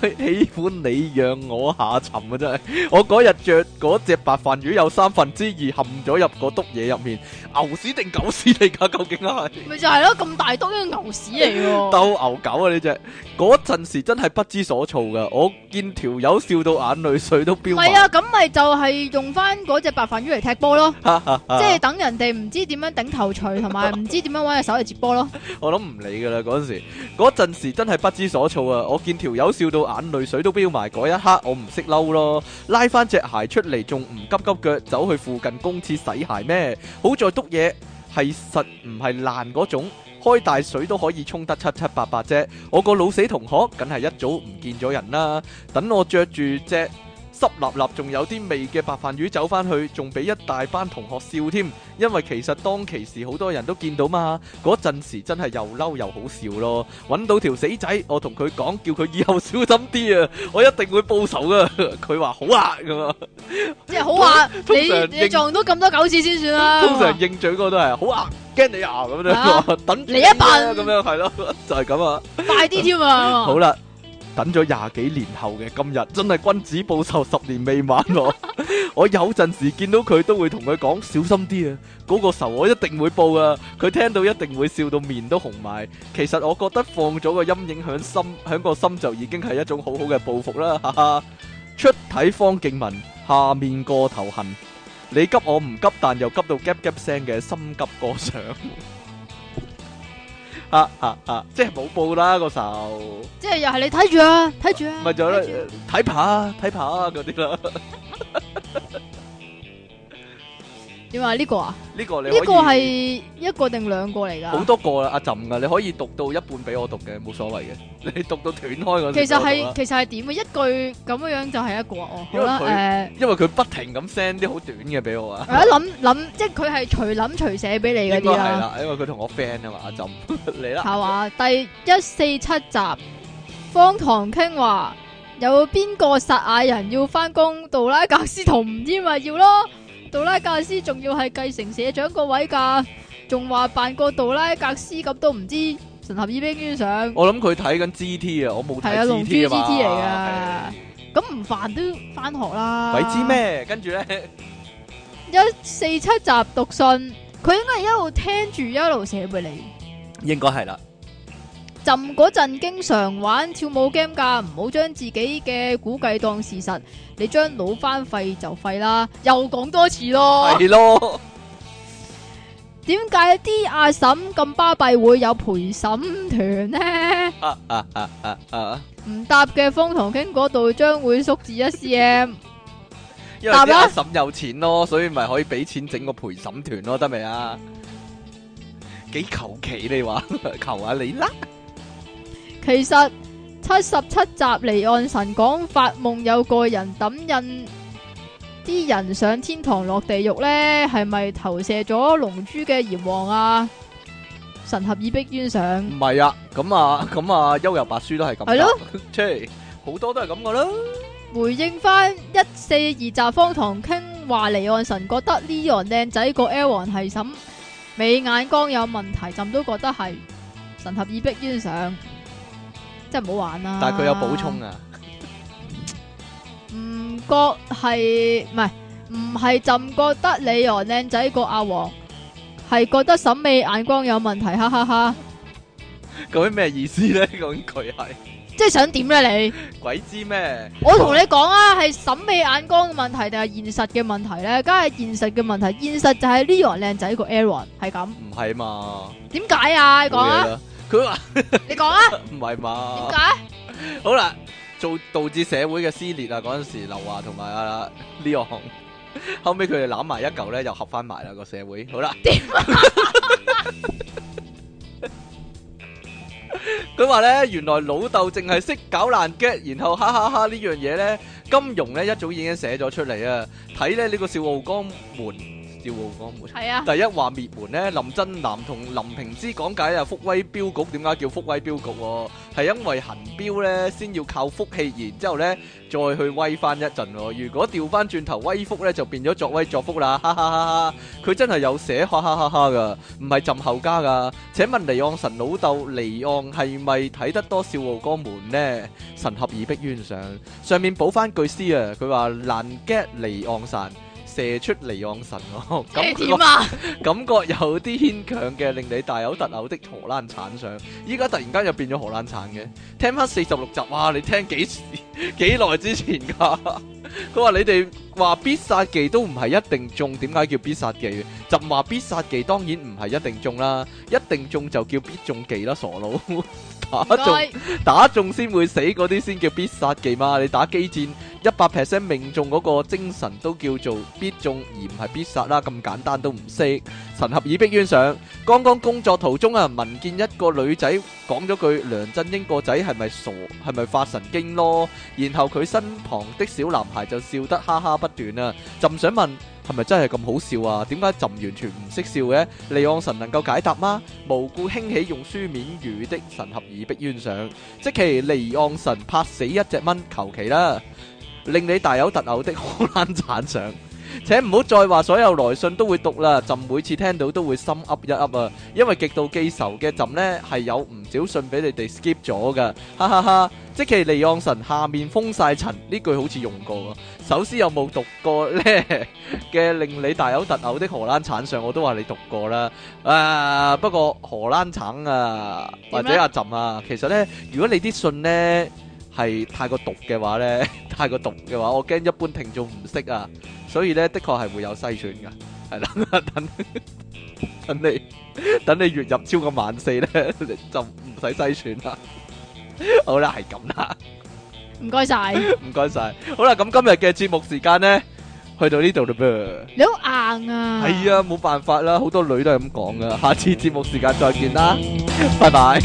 喜歡你讓我下沉啊！真係，我嗰日着嗰隻白飯魚有三分之二陷咗入個篤嘢入面，牛屎定狗屎嚟噶？究竟係咪就係咯？咁大篤應該牛屎嚟喎，鬥牛狗啊！呢隻嗰陣時真係不知所措噶，我見條友笑到眼淚水都飆。係啊，咁咪就係用翻嗰隻白飯魚嚟踢波咯，即係等人哋唔知點樣頂頭鎚，同埋唔知點樣揾隻手嚟接波咯。我諗唔理噶啦，嗰陣時，嗰陣時真係不知所措啊！我見條友笑到眼淚水都飆埋，嗰一刻我唔識嬲咯，拉翻隻鞋出嚟仲唔急急腳走去附近公廁洗鞋咩？好在篤嘢係實唔係爛嗰種，開大水都可以沖得七七八八啫。我個老死同學梗係一早唔見咗人啦，等我着住隻。濕立立仲有啲味嘅白飯魚走翻去，仲俾一大班同學笑添。因為其實當其時好多人都見到嘛，嗰陣時真係又嬲又好笑咯。揾到條死仔，我同佢講，叫佢以後小心啲啊！我一定會報仇噶。佢話好硬咁啊，即係好硬。你你撞到咁多狗屎先算啦。通常應嘴嗰個都係好硬，驚你牙咁樣。等你一扮咁樣係咯，就係咁啊。快啲添啊！好啦。等咗廿幾年後嘅今日，真係君子報仇十年未晚 我有陣時見到佢都會同佢講小心啲啊！嗰個仇我一定會報噶，佢聽到一定會笑到面都紅埋。其實我覺得放咗個陰影響心，響個心就已經係一種好好嘅報復啦。哈哈，出體方敬文，下面個頭痕，你急我唔急，但又急到夾夾聲嘅心急過上。 啊啊啊！即係冇報啦，嗰時候，即係又係你睇住啊，睇住啊，咪就睇跑啊，睇跑啊嗰啲咯。 你話呢個啊？呢個你呢個係一個定兩個嚟噶？好多個啦，阿朕噶，你可以讀到一半俾我讀嘅，冇所謂嘅。你讀到斷開嗰其實係其實係點啊？一句咁樣樣就係一個啊！好啦，誒，因為佢不停咁 send 啲好短嘅俾我啊！我諗諗，即係佢係隨諗隨寫俾你嗰啲啦。應該係啦，因為佢同我 friend 啊嘛，阿朕嚟啦。係話，第一四七集《方唐傾話》，有邊個撒亞人要翻工度啦？教師同唔知咪要咯？杜拉格斯仲要係繼承社長個位噶，仲話扮過杜拉格斯咁都唔知神合衣兵穿上。我諗佢睇緊 G T 啊，我冇睇。係啊，龍珠 G T 嚟噶，咁唔煩都翻學啦。鬼知咩？跟住咧，一四七集讀信，佢應該係一路聽住一路寫俾你，應該係啦。朕嗰陣經常玩跳舞 game 噶，唔好將自己嘅估計當事實。你將老翻廢就廢啦，又講多次咯。係是咯？點解啲阿嬸咁巴閉會有陪審團呢？唔答嘅風堂經嗰度將會縮至一 cm。答啦！阿嬸有錢咯，所以咪可以俾錢整個陪審團咯，得未啊？幾求其你話？求下你啦。其實。七十七集離岸神講發夢有個人抌印啲人上天堂落地獄呢？係咪投射咗龍珠嘅閻王啊？神合爾逼冤上唔係啊，咁啊咁啊，幽遊、啊、白書都係咁係咯，即係好多都係咁噶啦。回應翻一四二集方唐傾話，離岸神覺得呢人靚仔過 L 王係審美眼光有問題，朕都覺得係神合爾逼冤上。真係唔好玩啦，啊！但係佢有補充啊嘖，唔覺係唔係唔係就唔覺得你 one 靚仔過阿黃，係覺得審美眼光有問題，哈哈哈，哈！究竟咩意思咧？究竟佢係即係想點咧，啊？你鬼知咩？我同你講啊，係審 美眼光嘅問題定係現實嘅問題咧？梗係現實嘅問題，現實就係呢 one 靚仔過 Aaron 係咁，唔係嘛？點解啊？你講，啊。 佢話你講啊，唔係嘛？點解？好啦，做導致社會嘅撕裂啊！嗰陣時劉華同埋啊呢個熊，後尾佢哋攬埋一嚿咧，又合翻埋啦個社會。好啦，點啊？佢話咧，原來老豆淨係識搞爛 gag，然後哈哈哈呢樣嘢咧，金融咧一早已經寫咗出嚟啊！睇咧呢個笑傲江湖。笑傲江湖係啊！第一話滅門咧，林震南同林平之講解啊，福威鏢局點解叫福威鏢局？係因為行鏢咧，先要靠福氣，然之後咧再去威翻一陣。如果掉翻轉頭威福咧，就變咗作威作福啦！哈哈哈！佢真係有寫，哈哈哈！噶，唔係浸后家噶。請問離岸神老豆離岸係咪睇得多《笑傲江湖》呢？神俠倚碧鴛上上面補翻句詩啊！佢話難 get 離岸神。射出離岸神喎，咁點啊？ 感覺有啲牽強嘅，令你大有特有的荷蘭產相。依家突然間又變咗荷蘭產嘅。聽翻四十六集啊，你聽幾時、幾耐之前㗎？佢話你哋。話必殺技都唔係一定中，點解叫必殺技？就話必殺技當然唔係一定中啦，一定中就叫必中技啦，傻佬，打中打中先會死嗰啲先叫必殺技嘛。你打機戰一百 percent 命中嗰個精神都叫做必中，而唔係必殺啦，咁簡單都唔識。神合耳壁冤上，剛剛工作途中啊，聞見一個女仔講咗句梁振英個仔係咪傻，係咪發神經咯？然後佢身旁的小男孩就笑得哈哈不斷啊！朕想問，係咪真係咁好笑啊？點解朕完全唔識笑嘅？離岸神能夠解答嗎？無故興起用書面語的神合耳壁冤上，即其離岸神拍死一隻蚊，求其啦！令你大有特牛的好荒誕上。請唔好再話所有來信都會讀啦，朕每次聽到都會心噏一噏啊，因為極度記仇嘅朕呢係有唔少信俾你哋 skip 咗噶，哈哈哈！即積淇離岸神下面封曬塵呢句好似用過，首先有冇讀過呢？嘅令你大有特有的荷蘭橙上，我都話你讀過啦，啊不過荷蘭橙啊或者阿朕啊，其實呢如果你啲信呢。係太過毒嘅話咧，太過毒嘅話，我驚一般聽眾唔識啊，所以咧的確係會有篩選噶，係啦，等等你，等你月入超過萬四咧，就唔使篩選啦。好啦，係咁啦，唔該晒，唔該晒。好啦，咁今日嘅節目時間咧，去到呢度啦噃。你好硬啊！係啊，冇辦法啦，好多女都係咁講噶。下次節目時間再見啦，拜拜。